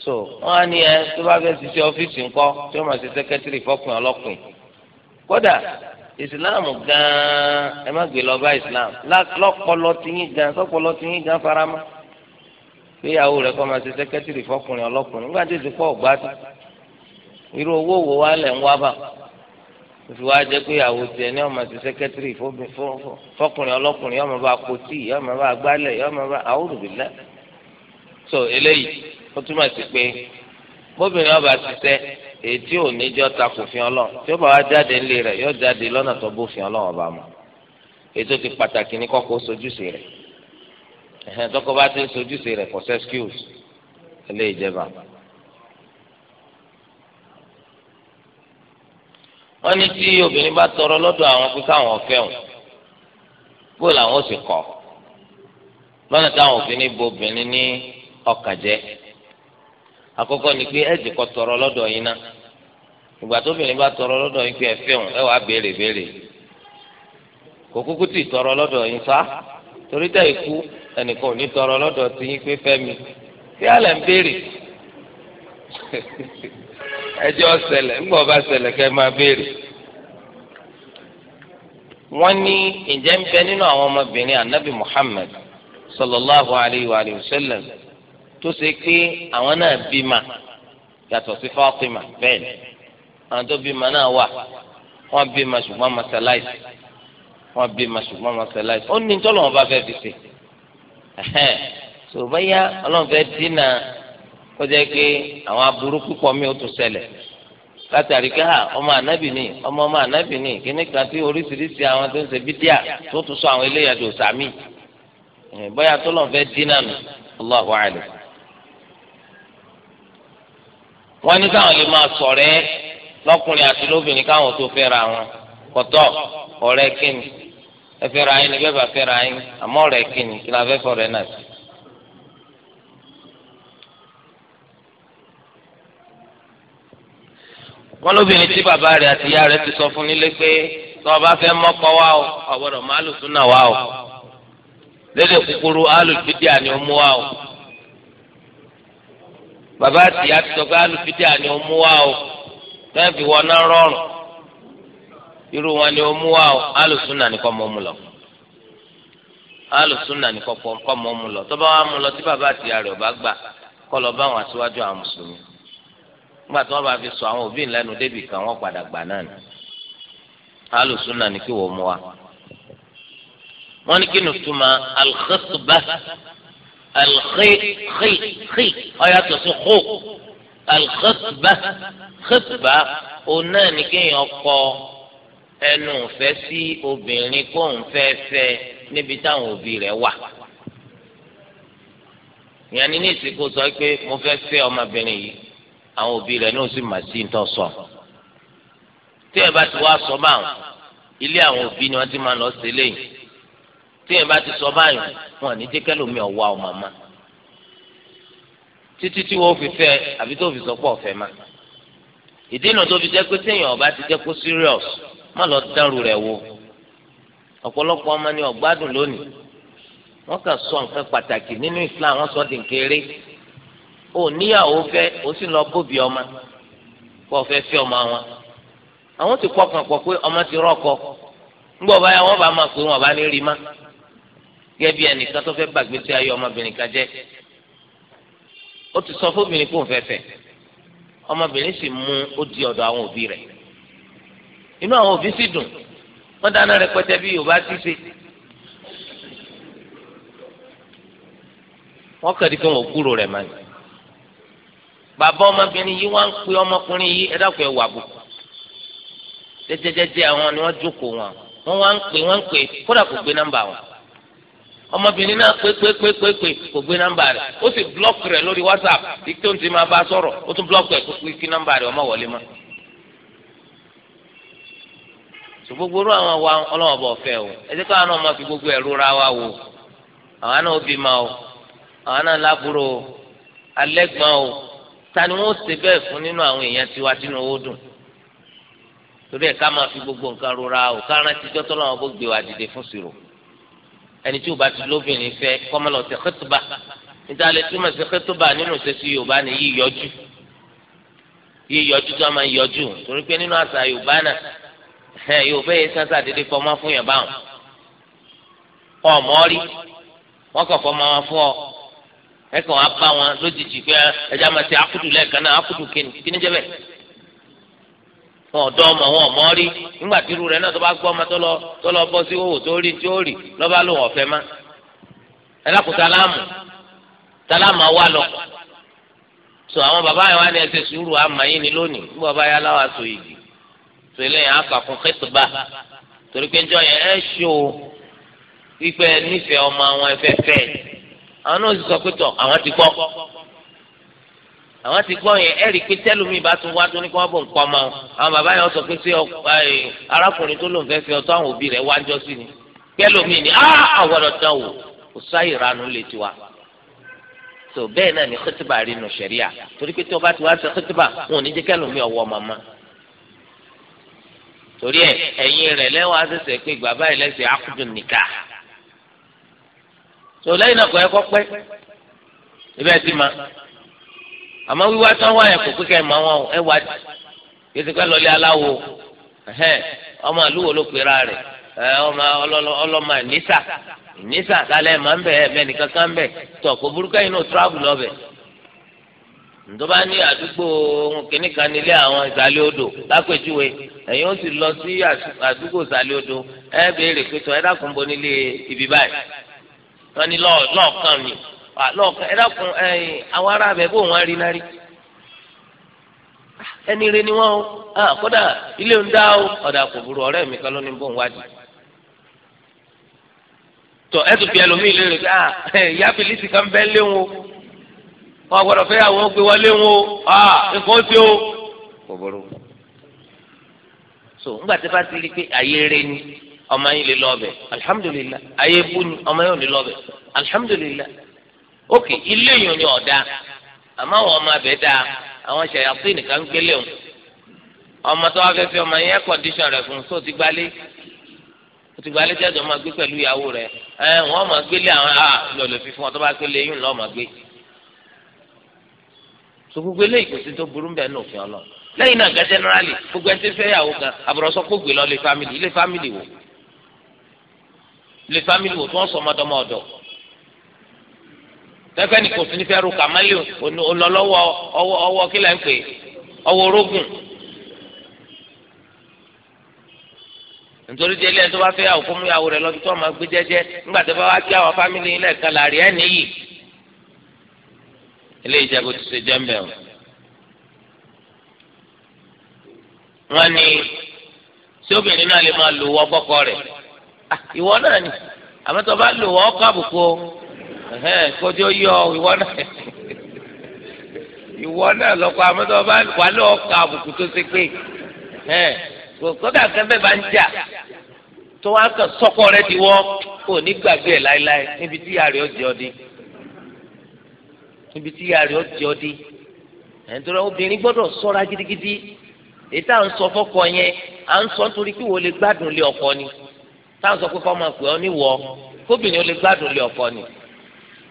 S1: so wọ́n á ní ẹ tó bá fẹ́ ṣiṣẹ́ ọ́fíìsì ńkọ́ tí ó máa ṣe sẹ́kẹ́tìrì fọ́kùnrin ọlọ́kùnrin kódà islam gan ẹ má gbé lọ bá islam lọpọlọ tiyín gan sọpọlọ tiyín gan farama gbéyàwó rẹ kọ́ máa ṣe sẹ́kẹ́tìrì fọkùnrin ọlọ́kùnrin nígbà tí ìsìnkú ọ̀gbá tó irú owó wo wá lẹ̀ ń wá bá òfin wa jẹ́ pé ìyàwó tiẹ̀ ní ó máa ṣe sẹ́kẹ́tìrì fọkùnrin ọlọ́kùnrin yóò máa bá kó tíì yóò máa bá gbálẹ̀ yóò máa bá àwòrán bìlẹ̀ so eléyìí ó túmọ̀ sí pé bóbìnrin ọba ṣiṣẹ́ ètí oníjọ́ takò fi ọlọ́run tí ó bá wá jáde ńlẹ̀ rẹ̀ yóò jáde lọ́nà tó bófin ọlọ́run ọba mu ètò ti pàtàkì ní kọ́kọ́ sojúṣe rẹ̀ ẹ̀hẹ́n tọ́kọ bá ti ń sojúṣe rẹ̀ for excuse ilé ìjẹba. wọ́n ní tí obìnrin bá tọrọ lọ́dọ̀ àwọn pé káwọn fẹ́hùn bó làwọn sì kọ̀ lọ́nà táwọn òfin ní bo obìnrin ní ọkàn jẹ́ àkọ́kọ́ ni pé ẹ̀jì kọ́ tọrọ lọ́dọ̀ yín na ìgbà tóbìnrin bá tọrọ lọ́dọ̀ yín pé ẹ fẹ́hùn ẹ béèrè béèrè tì tọrọ lọ́dọ̀ yín sá torí tẹ̀ ikú ò ní tọrọ lọ́dọ̀ tí yín pé fẹ́mi kí ń béèrè béèrè ní bẹ nínú àwọn ọmọbìnrin anabi sallallahu alayhi wa sallam tó ṣe pé àwọn náà bímọ yàtọ̀ sí Fatima bẹ́ẹ̀ ni àwọn tó bímọ náà wà wọ́n bímọ ṣùgbọ́n mọ́sálásì wọ́n bímọ ṣùgbọ́n mọ́sálásì ó ní tọ́lọ́ wọn bá fẹ́ fi ṣe ẹ̀hẹ́n tó báyà ọlọ́run fẹ́ dínà kó jẹ́ pé àwọn aburú púpọ̀ mi ò tún ṣẹlẹ̀ látàrí ká ọmọ ànábì ni ọmọ ọmọ ànábì ni kíní kan tí oríṣiríṣi àwọn tó ń ṣe bídíà tó tún sọ àwọn eléyàdó wọ́n ní káwọn lè máa ṣọ̀rẹ́ lọ́kùnrin àti lóbìnrin káwọn tó fẹ́ra wọn kọ̀tọ́ ọ̀rẹ́ kíni ẹ yín ni bẹ́ẹ̀ bá fẹ́ra yín àmọ́ ọ̀rẹ́ kíni kí la fẹ́ fọ̀rẹ́ náà sí. wọ́n lóbìnrin tí bàbá rẹ̀ àti ìyá rẹ̀ ti sọ fún nílé pé tó o bá fẹ́ mọ́kọ wá o ọ̀gbọ́dọ̀ máa lù náà wá o lédè kúkúrú alùpùpù díà ni ó mú wá o bàbá àtìyá ti sọ pé alùpìtì àní ó mú wá o
S2: tẹ́ẹ̀fì wọn náà rọrùn
S1: irú wọn ni ó mú wá o alùsùnà ní kọ́ mọ́ mu lọ alùsùnà ní kọ́ mọ́ mu lọ tọ́ba wa mú lọ tí bàbá àtìyá rẹ̀ ọba gbà kọ́ lọ bá àwọn aṣíwájú àwọn mùsùlùmí nígbà tí wọ́n bá fi sọ àwọn òbí ńlẹ́nu débì kan wọ́n padà gbà náà ni alùsùnà ní kí wọ́n mú wa wọ́n ní kí nìtúmọ̀ alùsùnà الخي خي خي أيات سخو
S2: الخطبة خطبة
S1: قلنا نكي يقو ẹnu fẹ́ sí obìnrin kó ń fẹ́ fẹ́ níbi táwọn òbí rẹ̀ wà ìyẹn ní ní ìsìnkú sọ pé mo fẹ́ fẹ́ ọmọbìnrin yìí àwọn òbí rẹ̀ náà sì mà sí ìtọ sọ tí ẹ bá ti wá sọ báwọn ilé àwọn òbí ni wọ́n ti máa lọ sí lẹ́yìn tíyẹn bá ti sọ báyìí wọn ní jẹ́kẹ́ lómi ọ̀wá ọ màmá títí tí wọ́n fi fẹ àbí tó fi sọ ma ìdínà tó fi jẹ́ pé ọba ti jẹ́ kó serious má lọ dárú rẹ̀ wò ọ̀pọ̀lọpọ̀ ọmọ ni lónìí sọ nǹkan pàtàkì nínú Islam wọn sọ níyàwó ó sì lọ bóbi ọmọ kó ọmọ wọn àwọn ti pé ọmọ ti báyà wọn bá ní rí gẹ́gẹ́ bí ẹnìkan tó fẹ́ gbàgbé sí ayé ọmọbìnrin kan jẹ́ ó ti sọ fóbìnrin kó n fẹ́ fẹ́ ọmọbìnrin sì mú ó di ọ̀dọ̀ àwọn òbí rẹ̀ inú àwọn òbí sì dùn wọ́n dáná rẹpẹtẹ bí Yorùbá ti ṣe wọ́n kàdí pé wọ́n kúrò rẹ̀ mọ́ni bàbá ọmọbìnrin yìí wọ́n pe ọmọkùnrin yìí ẹ dákun ẹ wà bò jẹjẹjẹjẹ àwọn ni wọ́n jókòó wọn wọ́n wá pè wọ́n pè kódà kò gbé nọ́mbà wọn ọmọbìnrin náà pé pé pé pé pé kò gbé nọ́mbà rẹ̀ ó sì blọọkì rẹ̀ lórí whatsapp tí tó ń ti máa bá a sọ̀rọ̀ ó tún blọọkì rẹ̀ kó pé kí nọ́mbà rẹ̀ ọmọ wọlé mọ́. sọ gbogbo irú àwọn wa ọlọ́wọ́ bọ̀ fẹ́ o ẹ jẹ́ káwọn náà máa fi gbogbo ẹ̀rú ra wa wò àwọn náà bí ma o àwọn náà lábúrò o alẹ́gbọ́n o ta ni wọ́n ṣe bẹ́ẹ̀ fún nínú àwọn èèyàn tiwa tínú owó dùn torí ẹ̀ ká máa fi gbogbo nǹkan rora o ká rántí jọ́tọ́ làwọn gbogbo ẹni tí o bá ti lóbìnrin fẹ́ kọ́mọlọ ti xetuba níta lè túmọ̀ sí xetuba nínú sẹ́sì yorùbá ni yíyọjú yíyọjú tó a máa yọjú torí pé nínú àṣà yorùbá náà ẹ yorùbá yìí sánsá dédé fọmọ fún yàrá báwọn ọmọ rí wọn kàn fọmọ wọn fún ọ ẹ kàn wá bá wọn lójijì pé ẹjẹ àmọ́ ti akudu lẹ́ẹ̀kan náà akudu kíni kíni jẹ́ bẹ́ẹ̀ wọn ọ̀dọ́ ọmọ wọn ọmọ rí nígbà tí irú rẹ̀ náà tó bá gbọ́ ọmọ tó lọ bọ́ sí owó tó rí tí ó rí lọ́ba ló wọ̀ fẹ́ má ẹlẹ́kùn sálámù sálámù àwa lọ so àwọn bàbá yẹn wá ní ẹsẹ̀ sùúrù àmàyìn ni lónìí bí bàbá yẹn aláwa so yìí so eléyìí àkàkùn kẹtùbà torí pé njọ yẹn ẹ ṣó wípé nífẹ̀ẹ́ ọmọ àwọn ẹfẹ́ fẹ́ àwọn náà sì sọ pé tọ̀ àwọn ti gbọ́ àwọn ti gbọ́ yẹn ẹ̀rí pé tẹ́lómi bá tún wá tó ní kí wọ́n bò ń pọ́ ọmọ o àwọn bàbá yẹn sọ pé ṣé arákùnrin tó lòun fẹ́ fi ọtọ́ àwọn òbí rẹ̀ wájọ́ sí ni tẹ́lómi ni àwọn ọ̀dàn wò kò sáyè ranú lè tiwa tó bẹ́ẹ̀ náà ni kẹ́tìbà rí nu sẹ̀ríà torí pé tí wọ́n bá ti wá sí kẹ́tìbà wọn ò ní jẹ́ kẹ́lómi ọwọ́ màmá
S2: torí ẹ ẹ̀yin rẹ̀ lẹ́wọ̀n á ti ma
S1: àmọ́ wíwá tí wọ́n wá yẹn kò kíkẹ́ mọ́ wọn ẹ wá yẹtí ká lọlé aláwo ọmọ àlúwo ló pera rẹ̀ ọmọ ọlọ́mọ nísà nísà lálẹ́ máa ń bẹ̀ ẹ̀ bẹ́ẹ̀ nìkan kan bẹ̀ tọ̀ kó burúkú yìí náà tíráàbù lọ́bẹ̀ ntọ́ba ní àdúgbò kìnnì kan nílé àwọn ìsàlẹ̀ odò lápèjúwe ẹ̀yin ó sì lọ sí àdúgbò ìsàlẹ̀ odò ẹ béèrè pé tọ́ ẹ dákun nílé ibi báyìí wọ́n ní lọ́ọ̀kan ni. Lo, lo, Ah, lọ́ọ̀kan ẹ dákun àwọn ará bẹ̀ bó wọn rí náà rí ah, ẹni rẹ ni wọn o ah, kódà ilé ń dá o ọ̀dà kò burú ọ̀rẹ́ mi kan ló ní bó ń wájú tọ ẹ tún fi ẹlòmíì lérè pé ah ìyá fèlísì kan bẹ́ẹ̀ léwu wọn gbọ́dọ̀ fẹ́ àwọn gbé wọn o nǹkan ó ti o kò burú so ńgbà tí bá ti rí i pé ayé rẹ ni ọmọ yín lè lọ ọbẹ alihamudulilayi ayé bú ni ọmọ yín ò lè lọ ọbẹ alihamudulilayi. Ok, ilé yìí ni ọ̀dà àmọ́ àwọn ọmọ abẹ dáa àwọn ṣàyàpín nìkan ń gbélé òun ọmọ tó wá fẹ́ fi ọmọ yẹn kọ́ndíṣọ̀n rẹ̀ fún sóò ti gbálé o ti gbalẹ tí ẹjọ máa gbé pẹ̀lú ìyàwó rẹ ẹ wọn máa gbé lé àwọn a ah, lọlọ fi fún ọ tó bá gbé lé yín lọ máa gbé so gbogbo eléyìí kò sí tó burú bẹ́ẹ̀ ní òfin ọlọ
S2: lẹ́yìn náà gẹ jẹnẹrálì
S1: gbogbo ẹni tí fẹ́ ìyàwó kan àbúrọsọ kó gbé lọ lé fámìlì ilé fámìlì wò ilé fámìlì wò tí wọn sọ ọmọdọmọ ọ̀dọ̀ tẹ́fẹ́ ní kò sí ní fẹ́ ru kàmálì olọ́lọ́wọ́ ọwọ́ ọwọ́ kí lẹ́ ń pè ọwọ́ orógùn. nítorí délé ẹni tó bá fẹ́ yàwó fún yàwó rẹ̀ lọ́dún tó máa gbé jẹ́jẹ́ nígbà tó bá wá kí àwọn fámìlì yín lẹ́ẹ̀kan láàrí ẹ̀ níyì. ilé ìjẹ́ ti ṣe jẹ́mbẹ̀ o. wọ́n ní
S2: tí obìnrin náà lè máa lò
S1: wọ́ bọ́kọ rẹ̀ ah, ìwọ náà ni àmọ́ tó bá lò wọ́ ọ́ káàbùkù o kójú yọ ìwọ náà ìwọ náà lọkọ àmọtọ bá wà lọ ka àbùkù tó ṣe pé kódà kẹfẹ bá ń jà tó wá kàn sọkọ rẹ ti wọ
S2: kò ní gbàgbé ẹ láéláé níbi
S1: tí yàrá yóò jẹ ọ dé níbi tí yàrá yóò jẹ ọ dé ẹ̀ńtọ́ra obìnrin gbọ́dọ̀ sọ́ra gidigidi èyí tá à ń sọ fọ́kọ yẹn à ń sọ nítorí pé wò lè gbádùn lé ọkọ ni tá sọ pé fọ́ọ̀mù àpè ọ níwọ̀ kóbìnrin ó lè gbádùn lé ọkọ ni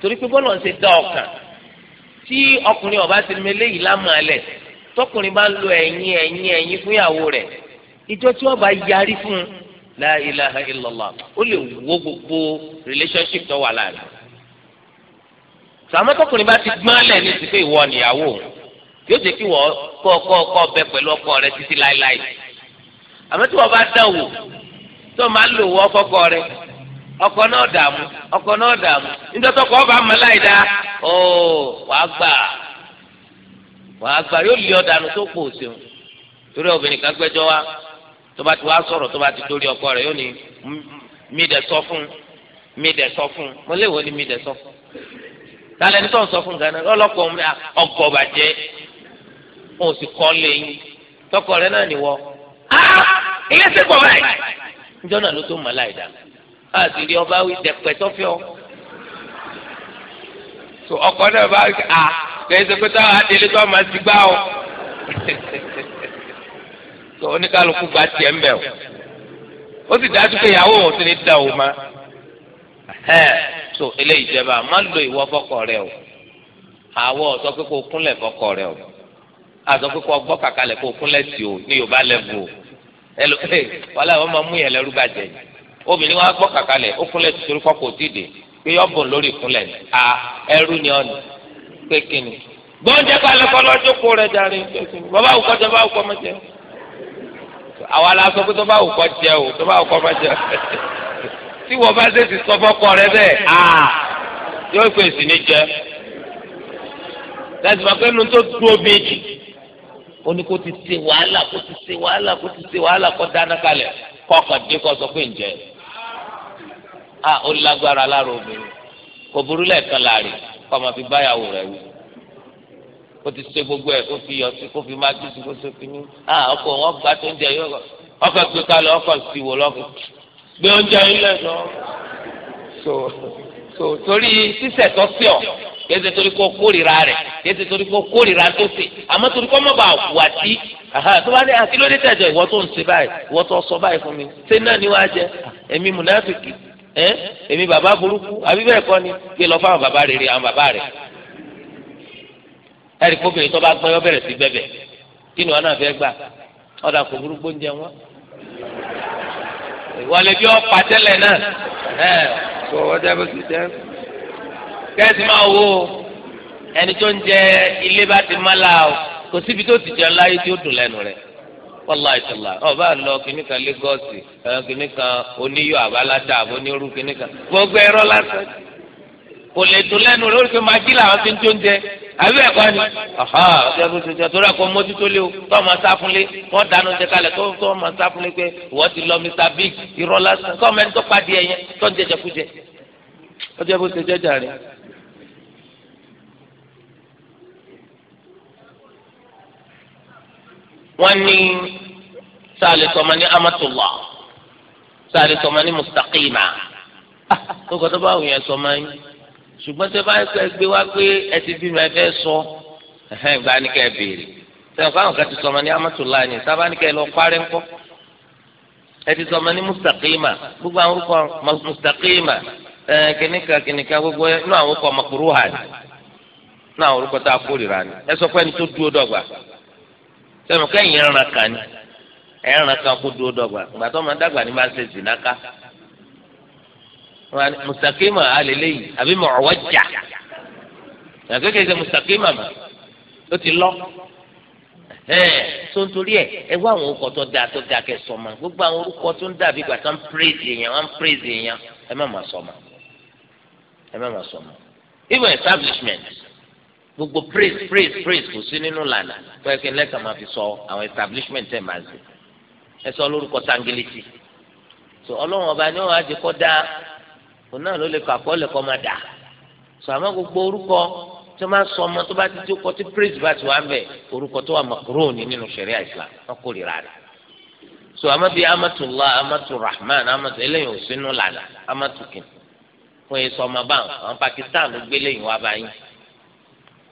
S1: torí pé bọ́lọ̀ ń ṣe dá ọkàn tí ọkùnrin ọba ti mele yìí lámàlẹ̀ tọkùnrin bá ń lo ẹ̀yìn ẹ̀yìn ẹ̀yìn fún ìyàwó rẹ̀ ìjọ tí ọba yarí fún un la ilaha illallah ó lè wo gbogbo relationship tó wà láàrin sàmọ́ tọkùnrin bá ti gbọ́n lẹ̀ ní ti pé ìwọ nìyàwó yóò jẹ́ kí wọ́n kọ́ ọkọ ọkọ bẹ pẹ̀lú ọkọ rẹ títí láéláé àmọ́ tí wọ́n bá dán tó máa ń lò wọ́ fọ́kọ rẹ ọkọ náà dààmú ọkọ náà dààmú nítòtòkọ ọba amaláìdá ó wàá gbà wàá gbà yóò lé ọ̀dànù tó òsì òsèwọ̀n torí obìnrin kan wa tó bá ti wá sọ̀rọ̀ tó bá ti dórí ọkọ rẹ yóò ní mí sọ fún mí sọ fún mo ni mí dẹ̀ sọ fún tálẹ̀ ní tó ń sọ fún ọgọ́ ah, bàjẹ́ sì kọ́ tọkọ láti rí ọba wí dẹ̀pẹ̀ tọ́fẹ́ ọ. tó ọkọ náà bá a kẹ́hìn sọ pé táwọn adìyẹ tó máa ti gbá ọ. tó oníkálukú gba tiẹ̀ ń bẹ̀ o. ó sì dájú pé ìyàwó wọn sì ní dá o ma. tó eléyìí jẹba má lo ìwọ fọkọ rẹ o. àwọ sọ pé kó kúnlẹ̀ fọkọ rẹ o. àzọ pé kó gbọ́ kàkálẹ̀ kó kúnlẹ̀ tì o ní Yorùbá lẹ́bù o. ẹ lọ wàhálà wọn máa mú yẹn lẹ́rú bàjẹ́ yìí obìnrin wa gbọ́ kàkálẹ̀ ó kúnlẹ̀ torí kọ́ kò tí ì dé pé ọ̀bùn lórí ìkúnlẹ̀ ni à ẹrú ni ọ̀nì pé kíni. gbọ́njẹ kalẹ̀ kọ́ lọ́jọ́ kó rẹ̀ jàre bàbá òkọ́ jẹ bàbá òkọ́ mẹ́jẹ. àwa la sọ pé tó bá òkọ́ jẹ o tó bá òkọ́ mẹ́jẹ. tí wọ́n bá ṣe ti sọ fọ́kọ rẹ bẹ́ẹ̀ à yóò pè sí ní jẹ. láti máa pé nu tó du omi jù ó ní kó ti ṣe wàhálà kó ti ṣe wàhálà kó ti ṣe wàhálà kó dáná kalẹ̀ kọ́ a ah, ó lágbára lára obìnrin kò burú lẹ́ẹ̀kan láàrin kó máa fi báyàwó rẹ̀ wí kó ti ṣe gbogbo ẹ̀ kó fi yọ sí kó fi má jù sí kó ṣe fi ní a ah, ọkọ wọn gba tó ń jẹ yọ ọkọ gbé kalẹ̀ ọkọ sì wò lọkọ gbé oúnjẹ yín lẹ́nu so so torí sísẹ̀tọ́ sí ọ kéde torí kó kórìíra rẹ kéde torí kó kórìíra tó ṣe àmọ́ torí kó má bàa wà tí tó bá ní akílódé ah, tẹjọ ìwọ tó ń ṣe báyìí ìwọ tó sọ báyìí fún mi ṣé náà ni wàá jẹ ẹmí múnáfìkì ẹ èmi bàbá burúkú àbí bẹ́ẹ̀ kọ́ ni gbé lọ fáwọn bàbá rere àwọn bàbá rẹ̀ ẹ̀rí kóbìnrin tó bá gbọ́n yọ bẹ̀rẹ̀ sí bẹ́bẹ̀ kí ni wọn náà fẹ́ gbà ọ̀dà kò burúkú wọn. ìwọlé bí ọ̀pá tẹ́lẹ̀ náà kò bó ti jẹ́.
S2: kẹ́sì máa wo
S1: ẹni tó ń jẹ ilé wọ́lá ìtàlá ọba lọ kìnnì kan lẹ́gọ́ọ̀sì kìnnì kan oníyọ àbáládà onírú kìnnì kan gbogbo ẹ̀rọ lásán kò lè dùn lẹ́nu lórí pé máa jí làwọn fi ń jó ń jẹ àbí ẹ̀kọ́ ni ọ̀hán torí ẹ̀kọ́ mójútó lé o tó ọmọ sáfúnlé wọ́n dáná jẹ kalẹ̀ tó ọmọ sáfúnlé pé ìwọ́ ti lọ Mr Big irọ́ lásán kọ́ ọmọ ẹni tó padì ẹ̀yẹn tó ń jẹjẹkújẹ ọjọ́ bó ṣe jẹ́jà
S2: wọ́n ní sáàlì sọmọ ní amatullah
S1: sáàlì sọmọ ní mustaqima ó kọ́ tó bá wù sọmọ yín ṣùgbọ́n tẹ bá ebe gbé wá pé ẹ ti bí mi ẹ fẹ́ sọ ni fáwọn kan ti sọmọ ní ni sábà ní lọ ẹ ti sọmọ ní mustaqima gbogbo àwọn orúkọ mustaqima ẹ gbogbo ẹ orúkọ a ni ẹ sọ ẹni sẹ́mi kẹ́yìn ẹran kan ni ẹran kan kó dúró dọ́gba ìgbà tó máa dàgbà ní máa ṣe zìnnáká mùsàkìmà àlélẹ́yìn àbí mọ̀ọ́wọ́jà àgbẹ̀kẹ̀ ṣe mùsàkìmà mà
S2: ó ti lọ so nítorí ẹ
S1: ẹ wá àwọn orúkọ tó dáa tó dáa gbogbo àwọn orúkọ tó ń dàbí gbà tó ń praise èèyàn wọn ń praise èèyàn ẹ má gbogbo praise praise praise kò sí nínú lànà fún ẹkẹ lẹ́kàn máa fi sọ àwọn establishment ẹ̀ máa ṣe ẹ sọ lórúkọ sangeleti tó ọlọ́run ọba ní wàá di kọ́ dáa òun náà ló lè kọ́ àkọọ́lẹ̀ kọ́ máa dà sọ àmọ́ gbogbo orúkọ tó máa sọ ọmọ tó bá ti tó kọ́ tí praise bá ti wà ń bẹ̀ orúkọ tó wà mọ̀kúrónì nínú sẹ̀ríà Islam wọ́n kò lè ra so àmọ́ bíi amatullah amaturahman amatu eléyìí ò sínú lànà amatukin fún èso ọmọ báwọn àwọn Pakistan ló gbé léyìn wá báyìí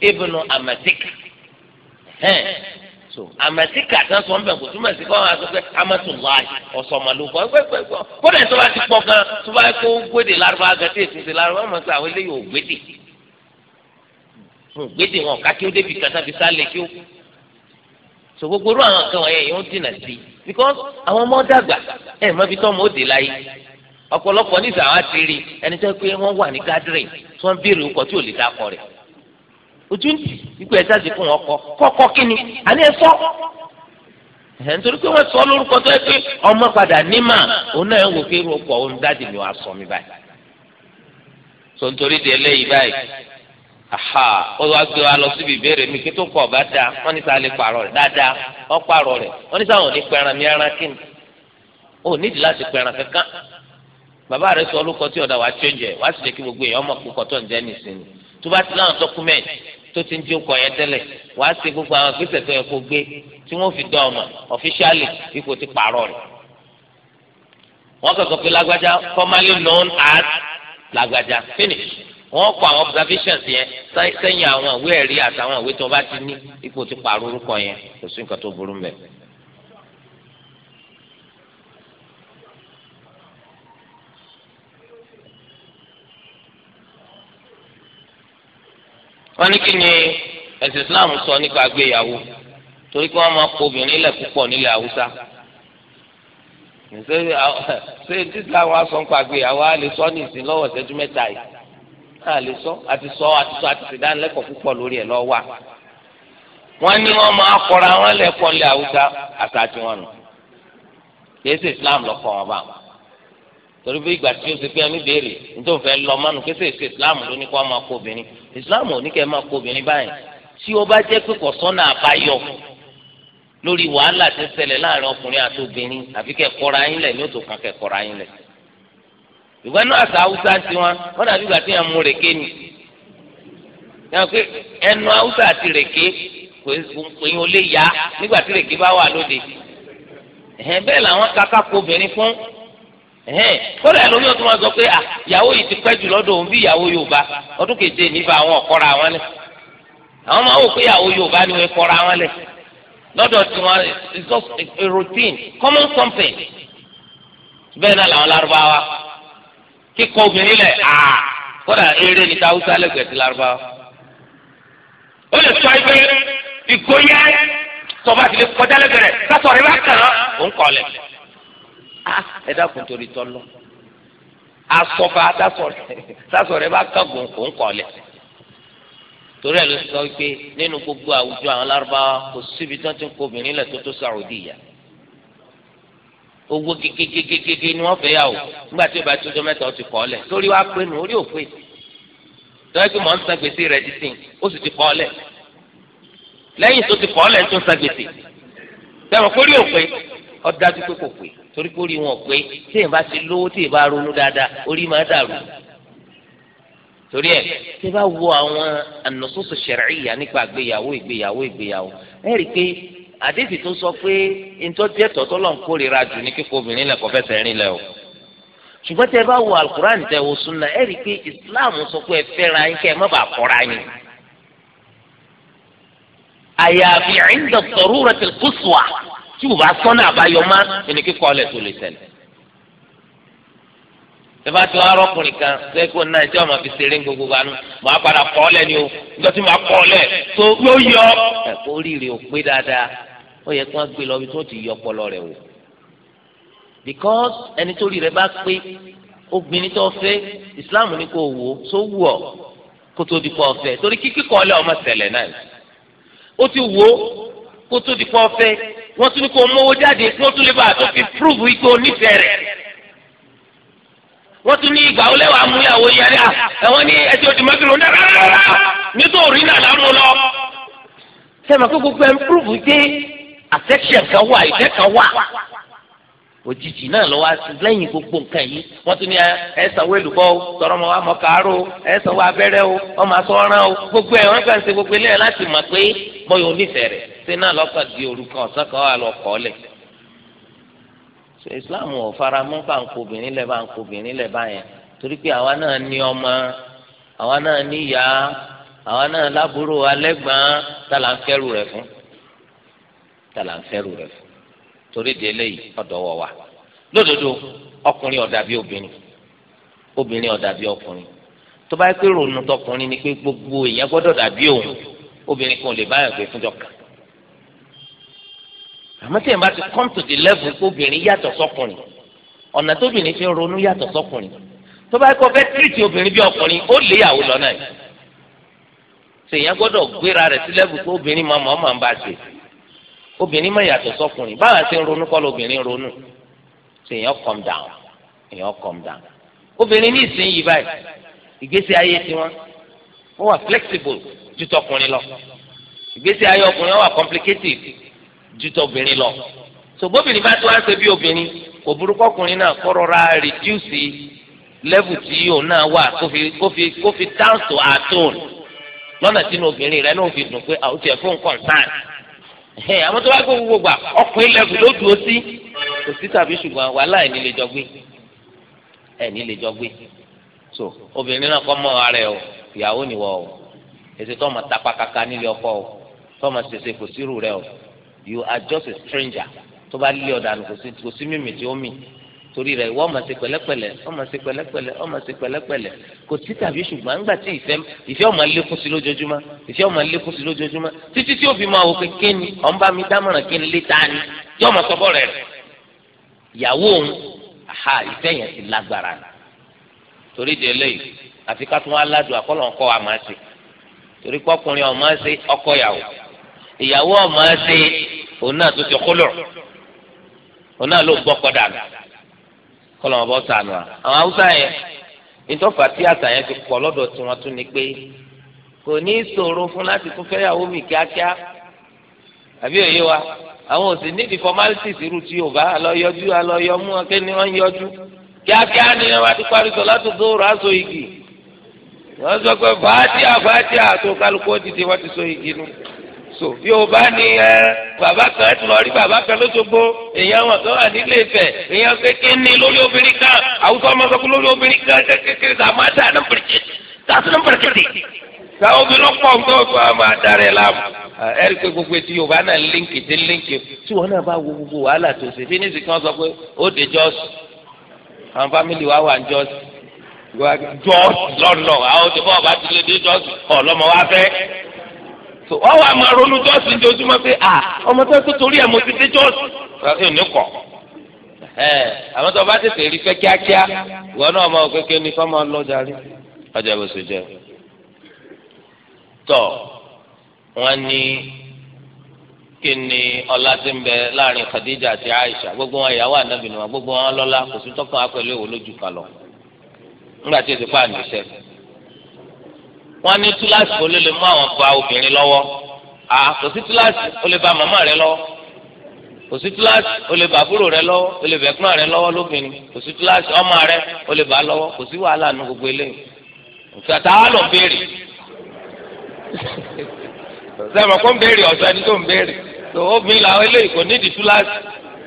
S1: ibnu amatika hẹn so amatika kan sọ nbẹ kò túmọ̀ sí fún wa sọ pé amatulahi ọ̀sọ̀mọlúfọ̀ gbẹgbẹgbọ kódà tó bá ti pọ̀ gan tó bá kó gbédè lárúbá gan tí èsì ti lárúbá mọ̀ sí àwọn eléyìí ò gbédè ò gbédè wọn ká kí ó débi kàtà fi sálẹ̀ kí ó so gbogbo irú àwọn kan wọ̀nyẹn yìí ó dènà sí because àwọn ọmọ dàgbà ẹ̀ mọ́ fi tọ́ ọmọ ó dé láyé ọ̀pọ̀lọpọ̀ nígbà wa ti rí ẹni tó pé wọ́n wà ní gádírìn tí wọ́n béèrè ọkọ̀ tí ò lè dákọ̀ rẹ̀ ojú ń tì ikú ẹ̀ sáàsì fún wọn kọ kọ́kọ́ kínni àní ẹ sọ ẹ̀ nítorí pé wọ́n sọ lórúkọ tó yẹ pé ọmọ padà nímà òun náà ń wò sọ mi báyìí aha ó wá gbé wa lọ síbi ìbéèrè mi kí tó kọ̀ bá dáa wọ́n ní sáà lè pààrọ̀ rẹ̀ dáadáa ó pààrọ̀ rẹ̀ wọ́n ní pẹran mi ara kí ni nídìí láti pẹran kankan bàbá sọ tó ti ń di okọ̀ yẹn tẹ́lẹ̀ wàá ṣe gbogbo àwọn ìgbésẹ̀ tó yẹ kó gbé tí wọ́n fi dán ọmọ ọ̀fíṣálì bí ti pààrọ̀ rẹ̀. wọ́n kọ̀kọ́ pé lágbájá formerly known as lágbájá finish wọ́n kọ àwọn observations yẹn sẹ́yìn àwọn ìwé ẹ̀rí àtàwọn ìwé tó bá ti ní ipò ti pààrọ̀ orúkọ yẹn kò sí nǹkan tó burú mẹ́rin. wọ́n ní kí ni ẹ̀sìn islam sọ nípa agbéyàwó torí kí wọ́n máa kó obìnrin lẹ̀ púpọ̀ nílẹ̀ haúsá ṣé islam wa sọ nípa agbéyàwó a lè sọ ní ìsìn lọ́wọ́ ìṣẹ́jú mẹ́ta yìí a lè sọ àti sọ àti sọ àti ṣèdánilẹ́kọ̀ọ́ púpọ̀ lórí ẹ̀ lọ́wọ́ wa ní wọ́n máa kọ́ra wọn lẹ́kọ̀ọ́ nílẹ̀ haúsá àtàtì wọn nù kì í islam lọ́kọ̀ wọn báwọn torí bí ìgbà tí o ṣe pé ẹni béèrè nítorí òun fẹ́ lọ mánu kí sèṣe islam ló ní kó a máa kó obìnrin islam ò ní kẹ́ ẹ máa kó obìnrin báyìí tí o bá jẹ́ pé kò sọ́nà àbáyọ lórí wàhálà tí ń ṣẹlẹ̀ láàrin ọkùnrin àti obìnrin àfi kẹ́ kọ́ra yín lẹ̀ ní òtò kan kẹ́ kọ́ra yín lẹ̀. ìwé náà àṣà haúsá ti wọn wọn dàbí ìgbà tí yẹn mú rèké ni yẹn pé ẹnu haúsá àti rèké kò ń olè yá nígbà tí rèké bá wà lóde. ẹ̀hẹ́n ẹhẹn kódà lórí o tún máa sọ pé à ìyàwó yìí ti pẹ́ jù lọ́dọ̀ òun bí ìyàwó Yorùbá ọdún keje níbà àwọn ọ̀kọ́ra wọn lẹ̀ àwọn máa wò pé ìyàwó Yorùbá ni wọ́n kọ́ra wọn lẹ̀ lọ́dọ̀ tí wọ́n it's routine common something bẹ́ẹ̀ náà làwọn Lárúbáwá kíkọ obìnrin lẹ̀ à
S2: kódà eré níta Haúsá lẹ́gbẹ̀ẹ́ ti Lárúbáwá ó lè sọ ẹgbẹ́ ìgóyà
S1: tọ́ba ti lè kọjá lẹ́gbẹ̀ẹ́ rẹ̀ Ah, ẹ dákun torí tọ́lọ́ asọ́ba sásọ̀ rẹ bá kángun kò ń kọ́lẹ̀ torí ẹ ló sọ pé nínú gbogbo àwùjọ àwọn lárúbáwá kò síbi tí wọ́n ti ń kó obìnrin lẹ̀ tó tó sàròdì yá owó gégégégégé ni wọ́n fẹ́ yà o nígbà tí o bá tójọ́ mẹ́ta o ti kọ́lẹ̀ torí wàá pé nu orí òpè tọ́wọ́ pé mọ̀ ń san gbèsè rẹ̀ ti sìn ó sì ti kọ́lẹ̀ lẹ́yìn tó ti kọ́lẹ̀ tó ń san gbèsè
S2: tẹ̀wọ̀n kórí òpè
S1: ọ̀dájú pé kò pè é torí pé orí wọn pé tí èèyàn bá ti lówó tí èèyàn bá ronú dáadáa orí máa dàrú torí ẹ tí bá wo àwọn ànàsóso ṣẹ̀ráyà nípa ìgbéyàwó ìgbéyàwó ìgbéyàwó ẹ rí i pé àdéhìí tó sọ pé ntọ́jú ẹ̀tọ́ tó lọ́n kórìíra jù ní kíkó obìnrin lẹ̀ kọ́ fẹsẹ̀ rìn lẹ̀ o ṣùgbọ́n tẹ bá wo alukur'an tẹ wo sunna ẹ rí i pé islam sọ pé ẹ fẹ́ra yín kẹ́ ẹ má bàa kọ́ra yín àyàfi inda daruratil quswa tí o bá sọ́nà àbáyọ má ẹni kíkọ́ ọ̀lẹ̀ tó lè tẹ̀lé. ìbá tí wàá rọ́kùnrin kan ṣé kó náà ìjọ máa fi ṣeré gbogbo wa nù máa padà kọ́ ọ̀lẹ̀ ni o ìjọ tí máa kọ́ ọ̀lẹ̀ tó yóò yọ. ẹ̀kọ́ rírì ò pé dáadáa ó yẹ kí wọ́n gbé lọ bí tó ti yọ ọpọlọ rẹ̀ wò. because ẹni tó rí rẹ bá pé obìnrin tó fẹ́ ìsìláàmù ni kò wò só wù ọ kó tó di kọ́ ọ̀fẹ́ torí kíkọ́ ọ̀lẹ̀ ọmọ ṣẹlẹ̀ wọ́n tún ní kó mówó jáde kí wọ́n tún lè bá àtọ́ fi púrúfù ikú onífẹ̀ẹ́ rẹ̀ wọ́n tún ní ìgbà olè wàá mú ìyàwó yẹn rẹ̀ àwọn ní ẹjọ́ di mọ́tò ní rárá
S2: nítorí náà lámú lọ.
S1: sẹ́mi àkókò pé púrúfù dé àfẹ́kṣẹ̀ kan wà ìfẹ́ kan wà òjijì náà lọ wá sí lẹ́yìn gbogbo nǹkan yìí wọ́n tún ní ẹ sanwó èlùbọ́ o tọrọ ọmọ wa mọ kàárọ̀ o ẹ sanwó abẹ́rẹ́ o ọmọ asọ́ran o gbogbo ẹ̀ wọ́n kàn ṣe gbogbo eléyà láti mọ̀ pé bọ́yọ̀ onífẹ̀ẹ́ rẹ̀ ṣé náà lọ́kàn di orúkọ ọ̀sán kan wà lọ kọ́ lẹ̀. ṣe Islam ò fara mọ́ bá ń kó obìnrin lẹ̀ bá ń kó obìnrin lẹ̀ báyẹn torí pé àwa náà ní ọmọ àwa náà ní ìyá àwa náà lábúrò alẹ́gbọ̀n tá là fún tá torí di eléyìí ọ̀dọ̀wọ̀ wa lódodo ọkùnrin ọ̀dà bíi obìnrin obìnrin ọ̀dà bíi ọkùnrin tó bá yẹ pé ronú tọkùnrin ni pé gbogbo èèyàn gbọ́dọ̀ dàbí òun obìnrin kan ò lè báyọ̀ pé fúnjọ kan àmọ́ tí èèyàn bá ti come to the level pé obìnrin yàtọ̀ sọkùnrin ọ̀nà tóbìnrin fi ń ronú yàtọ̀ sọkùnrin tó bá yẹ kó fẹ́ tírìtì obìnrin bí ọkùnrin ó lè yàwó lọ́nà yìí ṣèyàn gbọ́dọ̀ gbéra rẹ̀ sí level pé obìnrin máa mọ̀ ọ́ máa ń bá ṣe obìnrin má yàtọ̀ sọkùnrin báwa ṣe ń ronú kọ́ lóbìnrin ronú ṣe èèyàn calm down èèyàn calm down
S2: obìnrin ní ìsinyìí báyìí
S1: ìgbésí ayé tiwọn ó wà flexible ju tọkùnrin lọ ìgbésí ayé ọkùnrin ó wà complicated ju tọbìnrin lọ sògbóbìnrin bá tó wá ṣe bí obìnrin kò burúkọ ọkùnrin náà kó rọra reduce level tí òun náà wà kó fi kó down to her tone lọ́nà tí obìnrin rẹ̀ náà fi dùn pé àwọn ah, tiẹ̀ fún concern àwọn tó bá gbé gbogbo gbà ọkùnrin lẹ́gùn ló dúró sí kò sí tàbí ṣùgbọ́n wàhálà ẹ̀ nílé jọ gbé ẹ̀ nílé jọ gbé so obìnrin náà kọ́ mọ́ ara ẹ̀ o ìyàwó nìwọ o èsì tó ọmọ tapa kaka nílé ọkọ o tó ọmọ ṣẹṣẹ kò sírù rẹ o you are just a stranger tó bá lé ọ̀dà kò sí mímì tí ó mì torí rẹ̀ ìwọ ọmọ sí pẹ̀lẹ́pẹ̀lẹ́ ọmọ sí pẹ̀lẹ́pẹ̀lẹ́ ọmọ sí pẹ̀lẹ́pẹ̀lẹ́ kò sí tàbí ṣùgbọ́n nígbà tí ìfẹ́ ìfẹ́ ọmọ lékún sí lójoojúmọ́ ìfẹ́ ọmọ lékún sí lójoojúmọ́
S2: títí tí ó fi máa wò pé
S1: kí ni ọ̀n bá mi dámọ̀ràn kí ni lé ta ni tí ọmọ sọ bọ́ọ̀rẹ̀ rẹ̀ ìyàwó òun àhà ìfẹ́ yẹn ti lágbára torí de eléyìí àfi ká tún wá ládùn àkọlọ̀ ọkọ wa máa ṣe torí pọkùnrin ọmọ ṣe ọkọ yàwó ìyàwó ọmọ ṣe òun náà kọlọmọ bọ sànù à àwọn haúsá yẹn ìtọ́fà tí àṣà yẹn ti pọ̀ lọ́dọ̀ tí wọ́n tún ni pé kò ní í ṣòro fún láti tún fẹ́yàwó mi kíákíá àbí òye wa àwọn òsì níbi formalities irú tí yorùbá alọ́yọjú alọ́yọmú ọ̀kẹ́ ni wọ́n yọjú kíákíá ni wọ́n bá ti parí sọ láti dóòrò aṣọ igi wọ́n sọ pé fàátì àfàátì àtò kálukú wọ́n ti sọ igi nù so yorùbá ni ẹ bàbá kan ẹ tún lọ rí bàbá kan lóṣogbo èèyàn wọn kan wà nílé Ifẹ̀ èèyàn kékeré ní lórí obìnrin kan àwùjọ ọmọ sọkú lórí obìnrin kan kékeré sàmú àti àná pèrèkìtì tààtì náà pèrèkìtì táwọn obìnrin pọ̀ ń gbọ́ fún àwọn adarí ẹ̀ láàmú. ẹ rí i pé gbogbo etí yorùbá náà líǹkì dé líǹkì tí wọn náà bá wo gbogbo wàhálà tó ṣe fínísì kan sọ pé ó de jọ́ọ̀sì so wọ́n wà máa ronú jọ́ọ̀sì ojoojúmọ́ pé à ọmọ tó tó torí ẹ̀ mo ti dé jọ́ọ̀sì ní àwọn tó bá tètè rí kíákíá ìwọ náà ọmọ kéke ní lọ ọjà jẹ tọ ní kí ni ọlá Khadija àti Aisha gbogbo wọn ìyàwó gbogbo wọn kò sí tọkàn èwo lójú kan lọ wọ́n ní túláàsì kò lè lè mú àwọn ba obìnrin lọ́wọ́ à kò sí túláàsì ó lè ba màmá rẹ lọ́wọ́ kò sí túláàsì ó lè ba àbúrò rẹ lọ́wọ́ ó lè bẹ̀gbọ́n rẹ lọ́wọ́ lóbìnrin kò sí túláàsì ọmọ rẹ ó lè ba lọ́wọ́ kò sí wàhálà nu gbogbo eléyìí nǹkan tá a lọ béèrè sẹ́wọ̀n kó ń béèrè ọ̀sẹ̀ ẹni tó ń béèrè tó obìnrin làwọn eléyìí kò nídìí túláàsì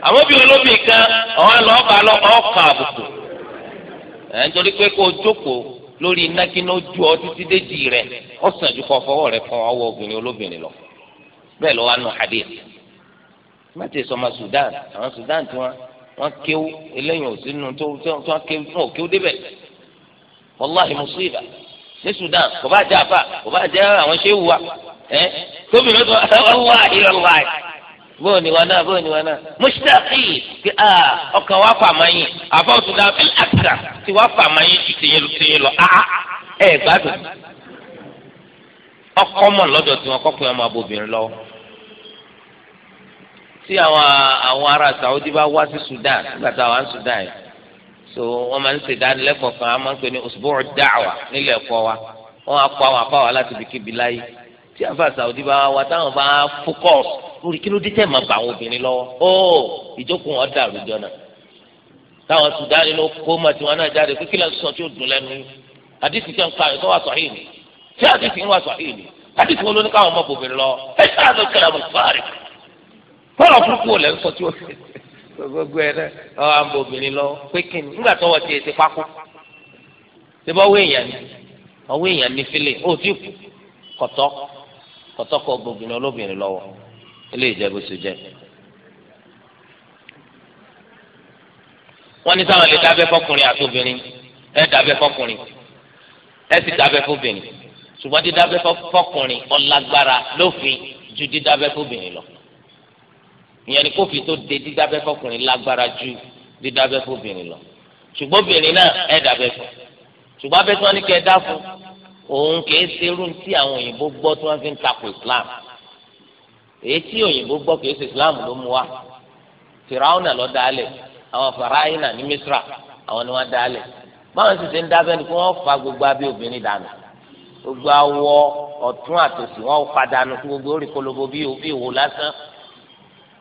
S2: àwọn obìnrin olóbìnrin kan ọ̀hán lọ́ọ́ ba lọ́ọ́
S1: kàn àbùkù ẹ̀ ń torí pé kó o jókòó lórí iná kí ló ju ọ títí déjì rẹ ó sàn ju kọ fọwọ́ rẹ fún ọwọ́ obìnrin olóbìnrin lọ bẹ́ẹ̀ ló wà nù hadith mẹtẹ sọmọ Sudan àwọn Sudan tí wọn wọn kéwú eléyìí ò sínú tó wọn kéwú wọn ò kéwú débẹ̀ wàláhi musiba ní Sudan kò bá jẹ afa kò bá jẹ àwọn ṣéwù wa ẹ tóbi ló sọ ẹ wá ìrọlá yìí bóò ni wọn náà bóò ni wọn náà mushtaqi kí a ọkàn wa fà máa yin àbá òtún náà fẹlẹ àtà tí wàá fà máa yin ju tèyìn lọ tèyìn lọ a ẹ gbádùn ọkọ mọ lọ́dọ̀ tí kọkùn yẹn máa bóbìnrin lọ. tí àwọn àwọn ará Saudi bá wá sí Sudan nígbà tá a Sudan yìí so wọn máa ń ṣe ìdánilẹ́kọ̀ọ́ kan a máa ń pè ní usbu'u da'wa nílẹ̀ ẹ̀kọ́ wa wọn á kó àwọn afáwà láti bìkíbi láyé tí àǹfà Saudi bá wá táwọn bá focus lórí kí ló dé tẹ̀ máa bá àwọn obìnrin lọ́wọ́ ó oh, ìjókòó wọn dàrú jọ̀nà táwọn Sudan ló kó mọ tiwọn náà jáde pé kí lè sọ tí ó dùn lẹ́nu àdìsí tẹ̀ ń ka ẹ̀ tó wà sọ̀hìn ni tí àdìsí ń wà sọ̀hìn ni àdìsí wọn ló ní káwọn ọmọ obìnrin lọ ẹ ṣáà ló kẹlẹ àmọ ìfáàrí fọlọ fúnfún ò lẹ ń sọ tí ó fi gbogbo ẹ náà ọ àmọ obìnrin lọ pé kí ni nígbà tó wọ tiẹ̀ ti pákó ṣe bọ́ wéèyàn ni ọwọ́ èèyàn ní fílẹ̀ ó ti kù kọ̀tọ́ kọtọkọ gbogbo ní olóbìnrin lọ́wọ́ ilé ìjẹbù sójẹ.
S2: wọ́n ní sáwọn lè dábẹ́ fọkùnrin àti
S1: obìnrin ẹ dábẹ́ fọkùnrin ẹ sì dábẹ́ fọbìnrin ṣùgbọ́n dídábẹ́ fọkùnrin ọlágbára lófin ju dídábẹ́ fọbìnrin lọ ìyẹn ni kófin tó de dídábẹ́ fọkùnrin lágbára ju dídábẹ́ fọbìnrin lọ ṣùgbọ́n obìnrin náà ẹ dábẹ́ fún ṣùgbọ́n abẹ́tí wọ́n ní kẹ́ ẹ dá fún òun kìí ṣe irú tí àwọn òyìnbó gbọ́ tí wọ́n fi ń takò islam èyí tí òyìnbó gbọ́ kìí ṣe islam ló mú wa fìràwọnà lọ dálẹ̀ àwọn fàráyìnà ní misra àwọn ni wọ́n dálẹ̀ báwọn sì ṣe ń dábẹ́ ni kí wọ́n fa gbogbo abẹ́ obìnrin dànù gbogbo awọ ọ̀tún àtòsí wọ́n padà nù kí gbogbo orí kolobo bí ìwò lásán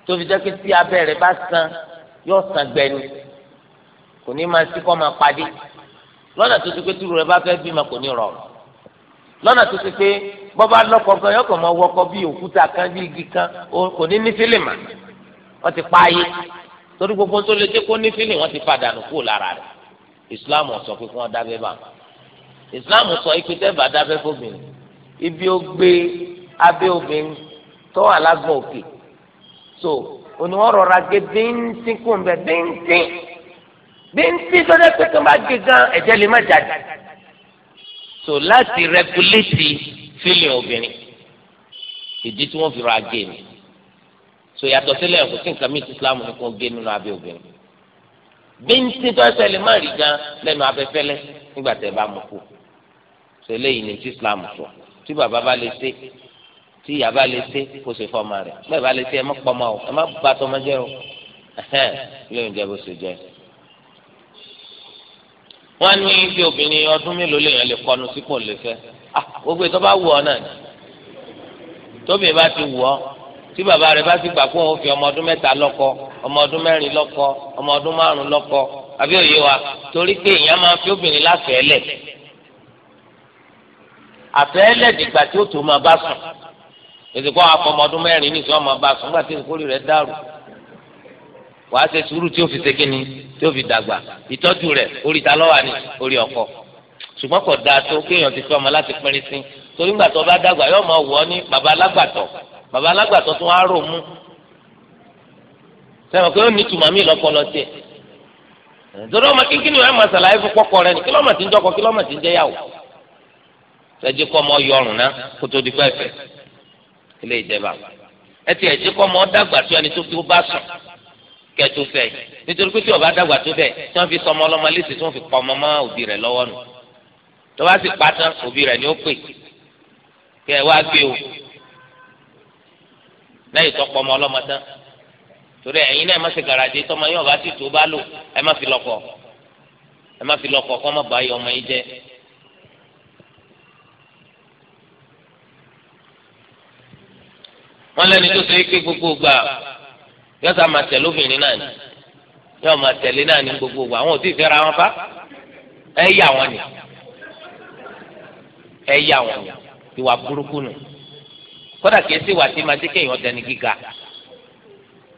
S1: tóbi jẹ́ pé tí abẹ́ rẹ̀ bá san yóò san gbẹni kò ní máa sí kọ́ máa padì lọ́nà tó ti pé tìrù rẹ̀ bá fẹ́ bímọ kò ní rọrùn lọ́nà tó ti pé bọ́bá lọ́kọ̀ gan yọkọ̀ mọ wọkọ̀ bíi òkúta kan bíi igi kan kò ní ní fílìmù wọ́n ti pa ayé torí gbogbo tó lè jẹ́ kó ní fílìmù wọ́n ti padà nù kúrò lára rẹ̀ Islam sọ pé kí wọ́n dábẹ́ bá Islam sọ ikú tẹ́bà dábẹ́ fóbìnrin ibi ó gbé abẹ́ obìnrin tó wà lágbọ̀n òkè so òní wọ́n rọra gé bíntín kùn bẹ́ẹ̀ bíntín tó dẹ́ pé kí wọ́n bá gé gan ẹ̀jẹ̀ lè má jáde so láti rẹguléètì fílìn obìnrin ìdí tí wọ́n fi ra gé ni so yàtọ̀ sílẹ̀ kò sí nǹkan míì tí islam ní kò gé nínú abẹ́ obìnrin bíntì tó ẹsẹ̀ lè má rí gan lẹ́nu abẹ́fẹ́lẹ́ nígbà tẹ́ bá mú kú so eléyìí ni tí islam sọ tí bàbá bá lè ṣe tí ìyá bá lè ṣe kó ṣe fọmọ rẹ̀ bẹ́ẹ̀ bá lè ṣe ẹ má pọmọ o ẹ má bàtọmọ jẹ́ o lóyún jẹ bó ṣe jẹ. wọ́n ní bí obìnrin ọdún mélòó lèèyàn lè kọnu sí lè fẹ́ ah, gbogbo ìtọ́ bá wù ọ náà tóbi bá ti wù ọ tí bàbá rẹ bá ti gbà òun fi ọmọ ọdún mẹta ọmọ ọdún mẹ́rin ọmọ ọdún márùn lọ́kọ
S2: àbí òye wa torí pé èèyàn máa fi
S1: obìnrin dìgbà tí ó tó máa bá sùn èsì kó àwọn ọmọ wàá ṣe sùúrù tí ó fi ṣe kíni tí ó fi dàgbà ìtọ́jú rẹ̀ orí ta lọ́wọ́ ni orí ọkọ ṣùgbọ́n kò dáa tó kéèyàn ti fẹ́ ọmọ láti pínrín sí torí gbàtọ́ bá dàgbà yóò máa wọ̀ ọ́ ní bàbá alágbàtọ́ bàbá alágbàtọ́ tó wá rò mú sẹ́wọ̀n pé ó ní tùmọ̀ mí lọ́pọ̀lọ́ tiẹ̀
S2: nítorí ọmọ kínkínní rẹ̀ máa ṣàlàyé fún
S1: pọ́kọ rẹ̀ ní kílọ́mọ̀ tí ń dọ́kọ kílọ́mọ̀ tí ń jẹ́yàwó ṣẹ́jí kọ́ ọmọ yọrùn ná kó tó di pẹ́ẹ́fẹ́ ilé ìjẹba ẹ ti ẹ̀jí kọ́ ọmọ dàgbà tó ẹni tó fi bá sùn kẹtù fẹ nítorí pé tí ọba dàgbà tó bẹ tí wọn fi sọmọ ọlọmọ lẹsẹ tí wọn fi pa ọmọ mọ òbí rẹ lọ́wọ́ nù tó bá sì pa tán òbí rẹ ni ó pè kẹ ẹ wá gbé o lẹ́yìn tó pọ ọmọ ọlọmọ tán torí ẹ̀yin náà ẹ má ṣe garaje tọmọ yín ọba sì tó bá lò ẹ má fi lọ́kọ ẹ má fi lọ́kọ kọ má bàa yọ ọmọ yín jẹ. wọn lẹni tó ṣe é pé gbogbo gbà yóò sá máa tẹ̀lé obìnrin náà ni yóò máa tẹ̀lé náà ní gbogbo àwọn ò tí ì fẹ́ra wọn bá ẹ yà wọn ni ẹ yà wọn ni ìwà burúkú nù kódà kìí sí ìwà tí máa dé kéèyàn dẹni gíga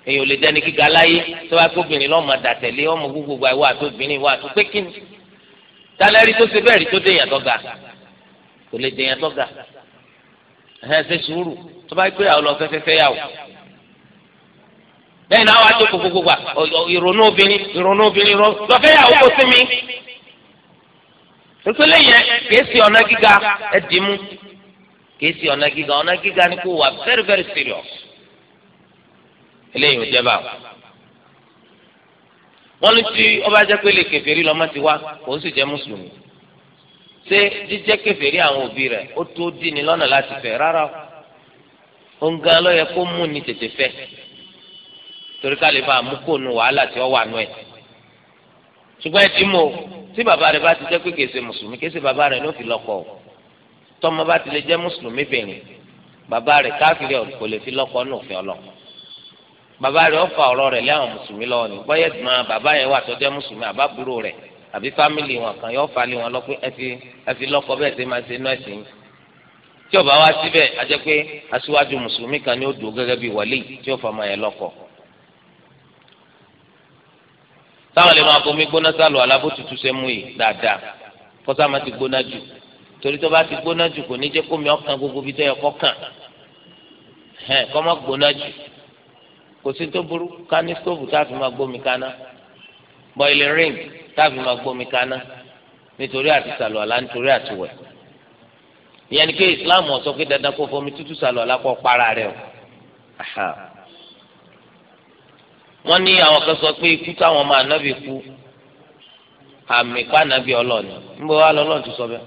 S1: èèyàn ò lè dẹni gíga láyé tó bá gbóbìnrin lọ́ọ́ máa dàtẹ̀lé ọmọ gbogbo àìwá àti obìnrin ìwà àti pékin tálẹ́rì tó ṣe bẹ́ẹ̀ rí tó déyàn tọ́ga kò lè déyàn tọ́ga ẹ̀hẹ́n ṣe sùúrù tó bá gbé àwọn lọ fẹ́fẹ́fẹ́ yà wò lẹ́yìn náà wàá jókòó gbogbo gbà ìrònú obìnrin ìrònú obìnrin rọ lọ́fẹ́ yà ó kó sí mi. nítorí yẹn kìí sí ọ̀nà gíga ẹ mú kìí ọ̀nà gíga ọ̀nà gíga ni kò wà very very serious. eléyìí ò jẹ́ báwò. wọ́n ní tí ọba jẹ́ pé lè kèfèrí lọ́mọ ti wá òun sì jẹ́ mùsùlùmí. ṣé jíjẹ́ kèfèrí àwọn òbí rẹ̀ ó tó dí ni lọ́nà láti fẹ́ rárá o. òun gan ló yẹ kó mú ni tètè fẹ́ torí ká lè bá àmúkòónú wàhálà tí ó wà nù ẹ̀ ṣùgbọ́n ẹ ti mú o tí bàbá rẹ bá ti jẹ́ pé kìí ṣe mùsùlùmí kìí ṣe bàbá rẹ ló fi lọ́kọ o tọ́mọ bá ti lè jẹ́ mùsùlùmí bìnrin bàbá rẹ káfíìrì kò lè fi lọ́kọ nù fi ọlọ́ bàbá rẹ ó fa ọ̀rọ̀ rẹ lé àwọn mùsùlùmí lọ́wọ́ ni bọ́yẹ̀ dùn án bàbá yẹn wà tó jẹ́ mùsùlùmí àbábúrò rẹ àbí fámìlì wọn kan yóò falẹ̀ wọn lọ́pẹ́ ẹ fi lọ́kọ bẹ́ẹ̀ ṣe máa ṣe nú ẹ̀sìn tí ó bá síbẹ̀ a jẹ́ pé aṣíwájú mùsùlùmí kan ni ó dùn gẹ́gẹ́ bí wàlí tí ó fọmọ yẹn lọ́kọ̀ọ́
S2: táwọn lè máa bomi gbóná sálọ alábòtútù ṣe mú yìí dáadáa
S1: kọ́sá máa ti gbóná jù torí tó bá ti gbóná jù kò ní jẹ́ kómi ọkàn gbogbo bí tó yẹ kọ́ kàn hẹ́n kọ́ máa gbóná jù kò sí tó burú ká ní stóòfù tá a fi máa gbómi kaná bọ́ìlì ring tá a fi máa gbómi kaná nítorí àti sàlọ̀ àlá nítorí àti wẹ̀ ìyẹn ni pé Islam ó sọ pé dandan kó fomi tútù sàlọ̀ àlá kọ́ para rẹ̀ o wọ́n ní àwọn kan sọ pé ikú táwọn ọmọ ànábì kú àmì pa ànábì ọlọ́ọ̀ni níbo wá lọ́lọ́ọ̀ ti sọ bẹ́ẹ̀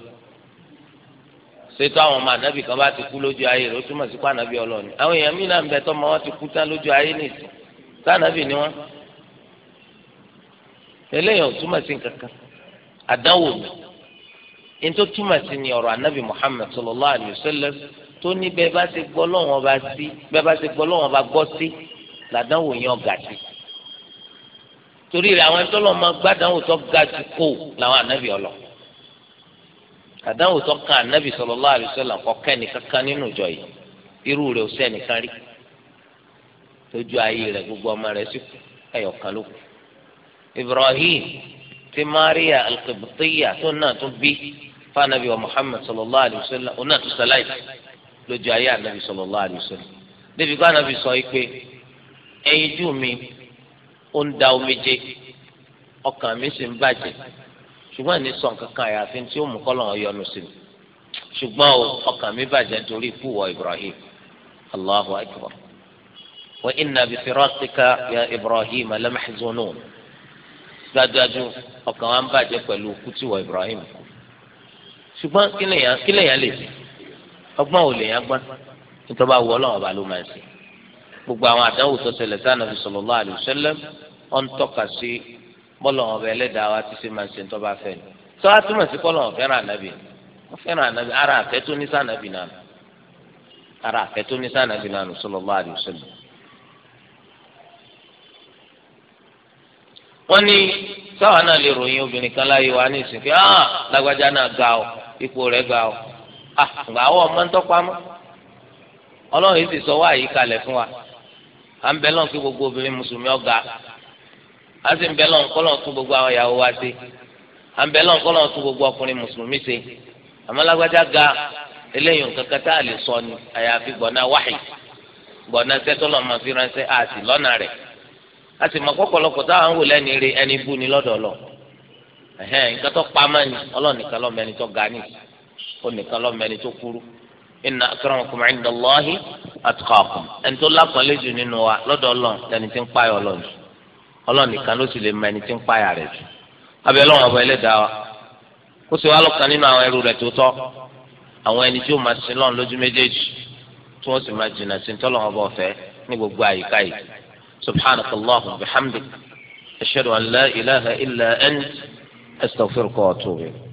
S1: ṣètò àwọn ọmọ ànábì kan bá ti kú lójú ayé rẹ̀ ó túmọ̀ sí pa ànábì ọlọ́ọ̀ni àwọn èèyàn mí náà ń bẹ tọ́mọ wọn ti kú tán lójú ayé nìsín sànábì ni wọn eléyìí ò túmọ̀ sí kankan àdánwò mi ní tó túmọ̀ sí ni ọ̀rọ̀ ànábì Muhammad sallallahu alayhi wa sallam tó ní bẹ́ẹ̀ bá ti gbọ́ lọ́wọ́n bá sí bẹ́ẹ̀ làdánwò yẹn ọ̀gá sí torí rẹ̀ àwọn ẹjọ́ lọ máa gbádàáwò tó ga jù kó làwọn ànábì ọlọ àdáwò tó kan ànábì sallallahu alaihi wasallam kò kẹ́nìkan kan nínú ìjọ yìí irú rẹ̀ ò sẹ́nìkan rí tójú ayé rẹ̀ gbogbo ọmọ rẹ̀ sì kú ẹyọ kan ló kù Ibrahim ti Maria al-Qibtiyya tó náà tún bí fanabi wa Muhammad sallallahu alaihi wasallam ọ náà tún sàlàyé lójú ayé ànábì sallallahu alaihi wasallam débi kó sọ yìí pé ẹyin jù mí ó ń da omijé ọkàn mi sì ń bàjẹ́ ṣùgbọ́n ní sọ nǹkan kan àyàfi tí ó mú kọ́ lọ́wọ́ yọnu sí mi ṣùgbọ́n o ọkàn mi bàjẹ́ nítorí ikú wọ Ibrahim Allahu akbar wa inna bi firasika ya Ibrahim alamahizunun dájúdájú ọkàn wa ń bàjẹ́ pẹ̀lú ikú tí wọ Ibrahim kú ṣùgbọ́n kí lèèyàn lè ọgbọ́n ò lèèyàn gbọ́n nítorí wọ́n lọ́wọ́ ba ló gbogbo àwọn àdánwò tó ṣẹlẹ̀ sí Ànábì sallallahu alaihi ọ̀ ń tọ́ka sí bọ́lọ̀wọ̀n wa ti ṣe máa ń ṣe ńtọ́ba ni sọ wá túmọ̀ sí ara àfẹ́ tó ní ara àfẹ́ tó ní sànàbì náà sallallahu alaihi wasallam. wọ́n ní sáwọn náà lè ròyìn obìnrin kan láyé wa ní ìsìnkú ah lágbájá náà ga ọ ipò ga ọ ah ǹgbà àwọn ọmọ ọlọ́run yìí sọ wa à ń bẹ lọ́n kí gbogbo obìnrin mùsùlùmí asi sì ń bẹ gbogbo àwọn yahoo wa ṣe à ń bẹ gbogbo ọkùnrin mùsùlùmí ṣe àmọ́ ga eléyìí nǹkan kan sọ ni àyàfi gbọ̀nà gbọ̀nà máa fi ránṣẹ́ a lọ́nà rẹ̀ mọ táwọn wò lẹ́ni rí ẹni bú ni lọ́dọ̀ lọ nǹkan tó pamọ́ ni ọlọ́nìkan lọ́mọ tó ga ni onìkan lọ́mọ ẹni tó kúrú ẹni wa lọ́dọ̀ ọlọ́run nìkan ló sì lè mọ ẹni tí ń páyà rẹ̀ jù abẹ́ ọlọ́run ọba ẹlẹ́dàá wa kó sì wá lọ́kàn nínú àwọn ẹrú rẹ̀ tó tọ́ àwọn ẹni tí ó máa sin lọ́run lójú méjèèjì tí wọ́n sì máa jìnnà sí tọ́lọ́run ọba ọ̀fẹ́ ní gbogbo àyíká yìí subhanaka allahumma wa bihamdik an la ilaha illa ant astaghfiruka wa atubu ilayk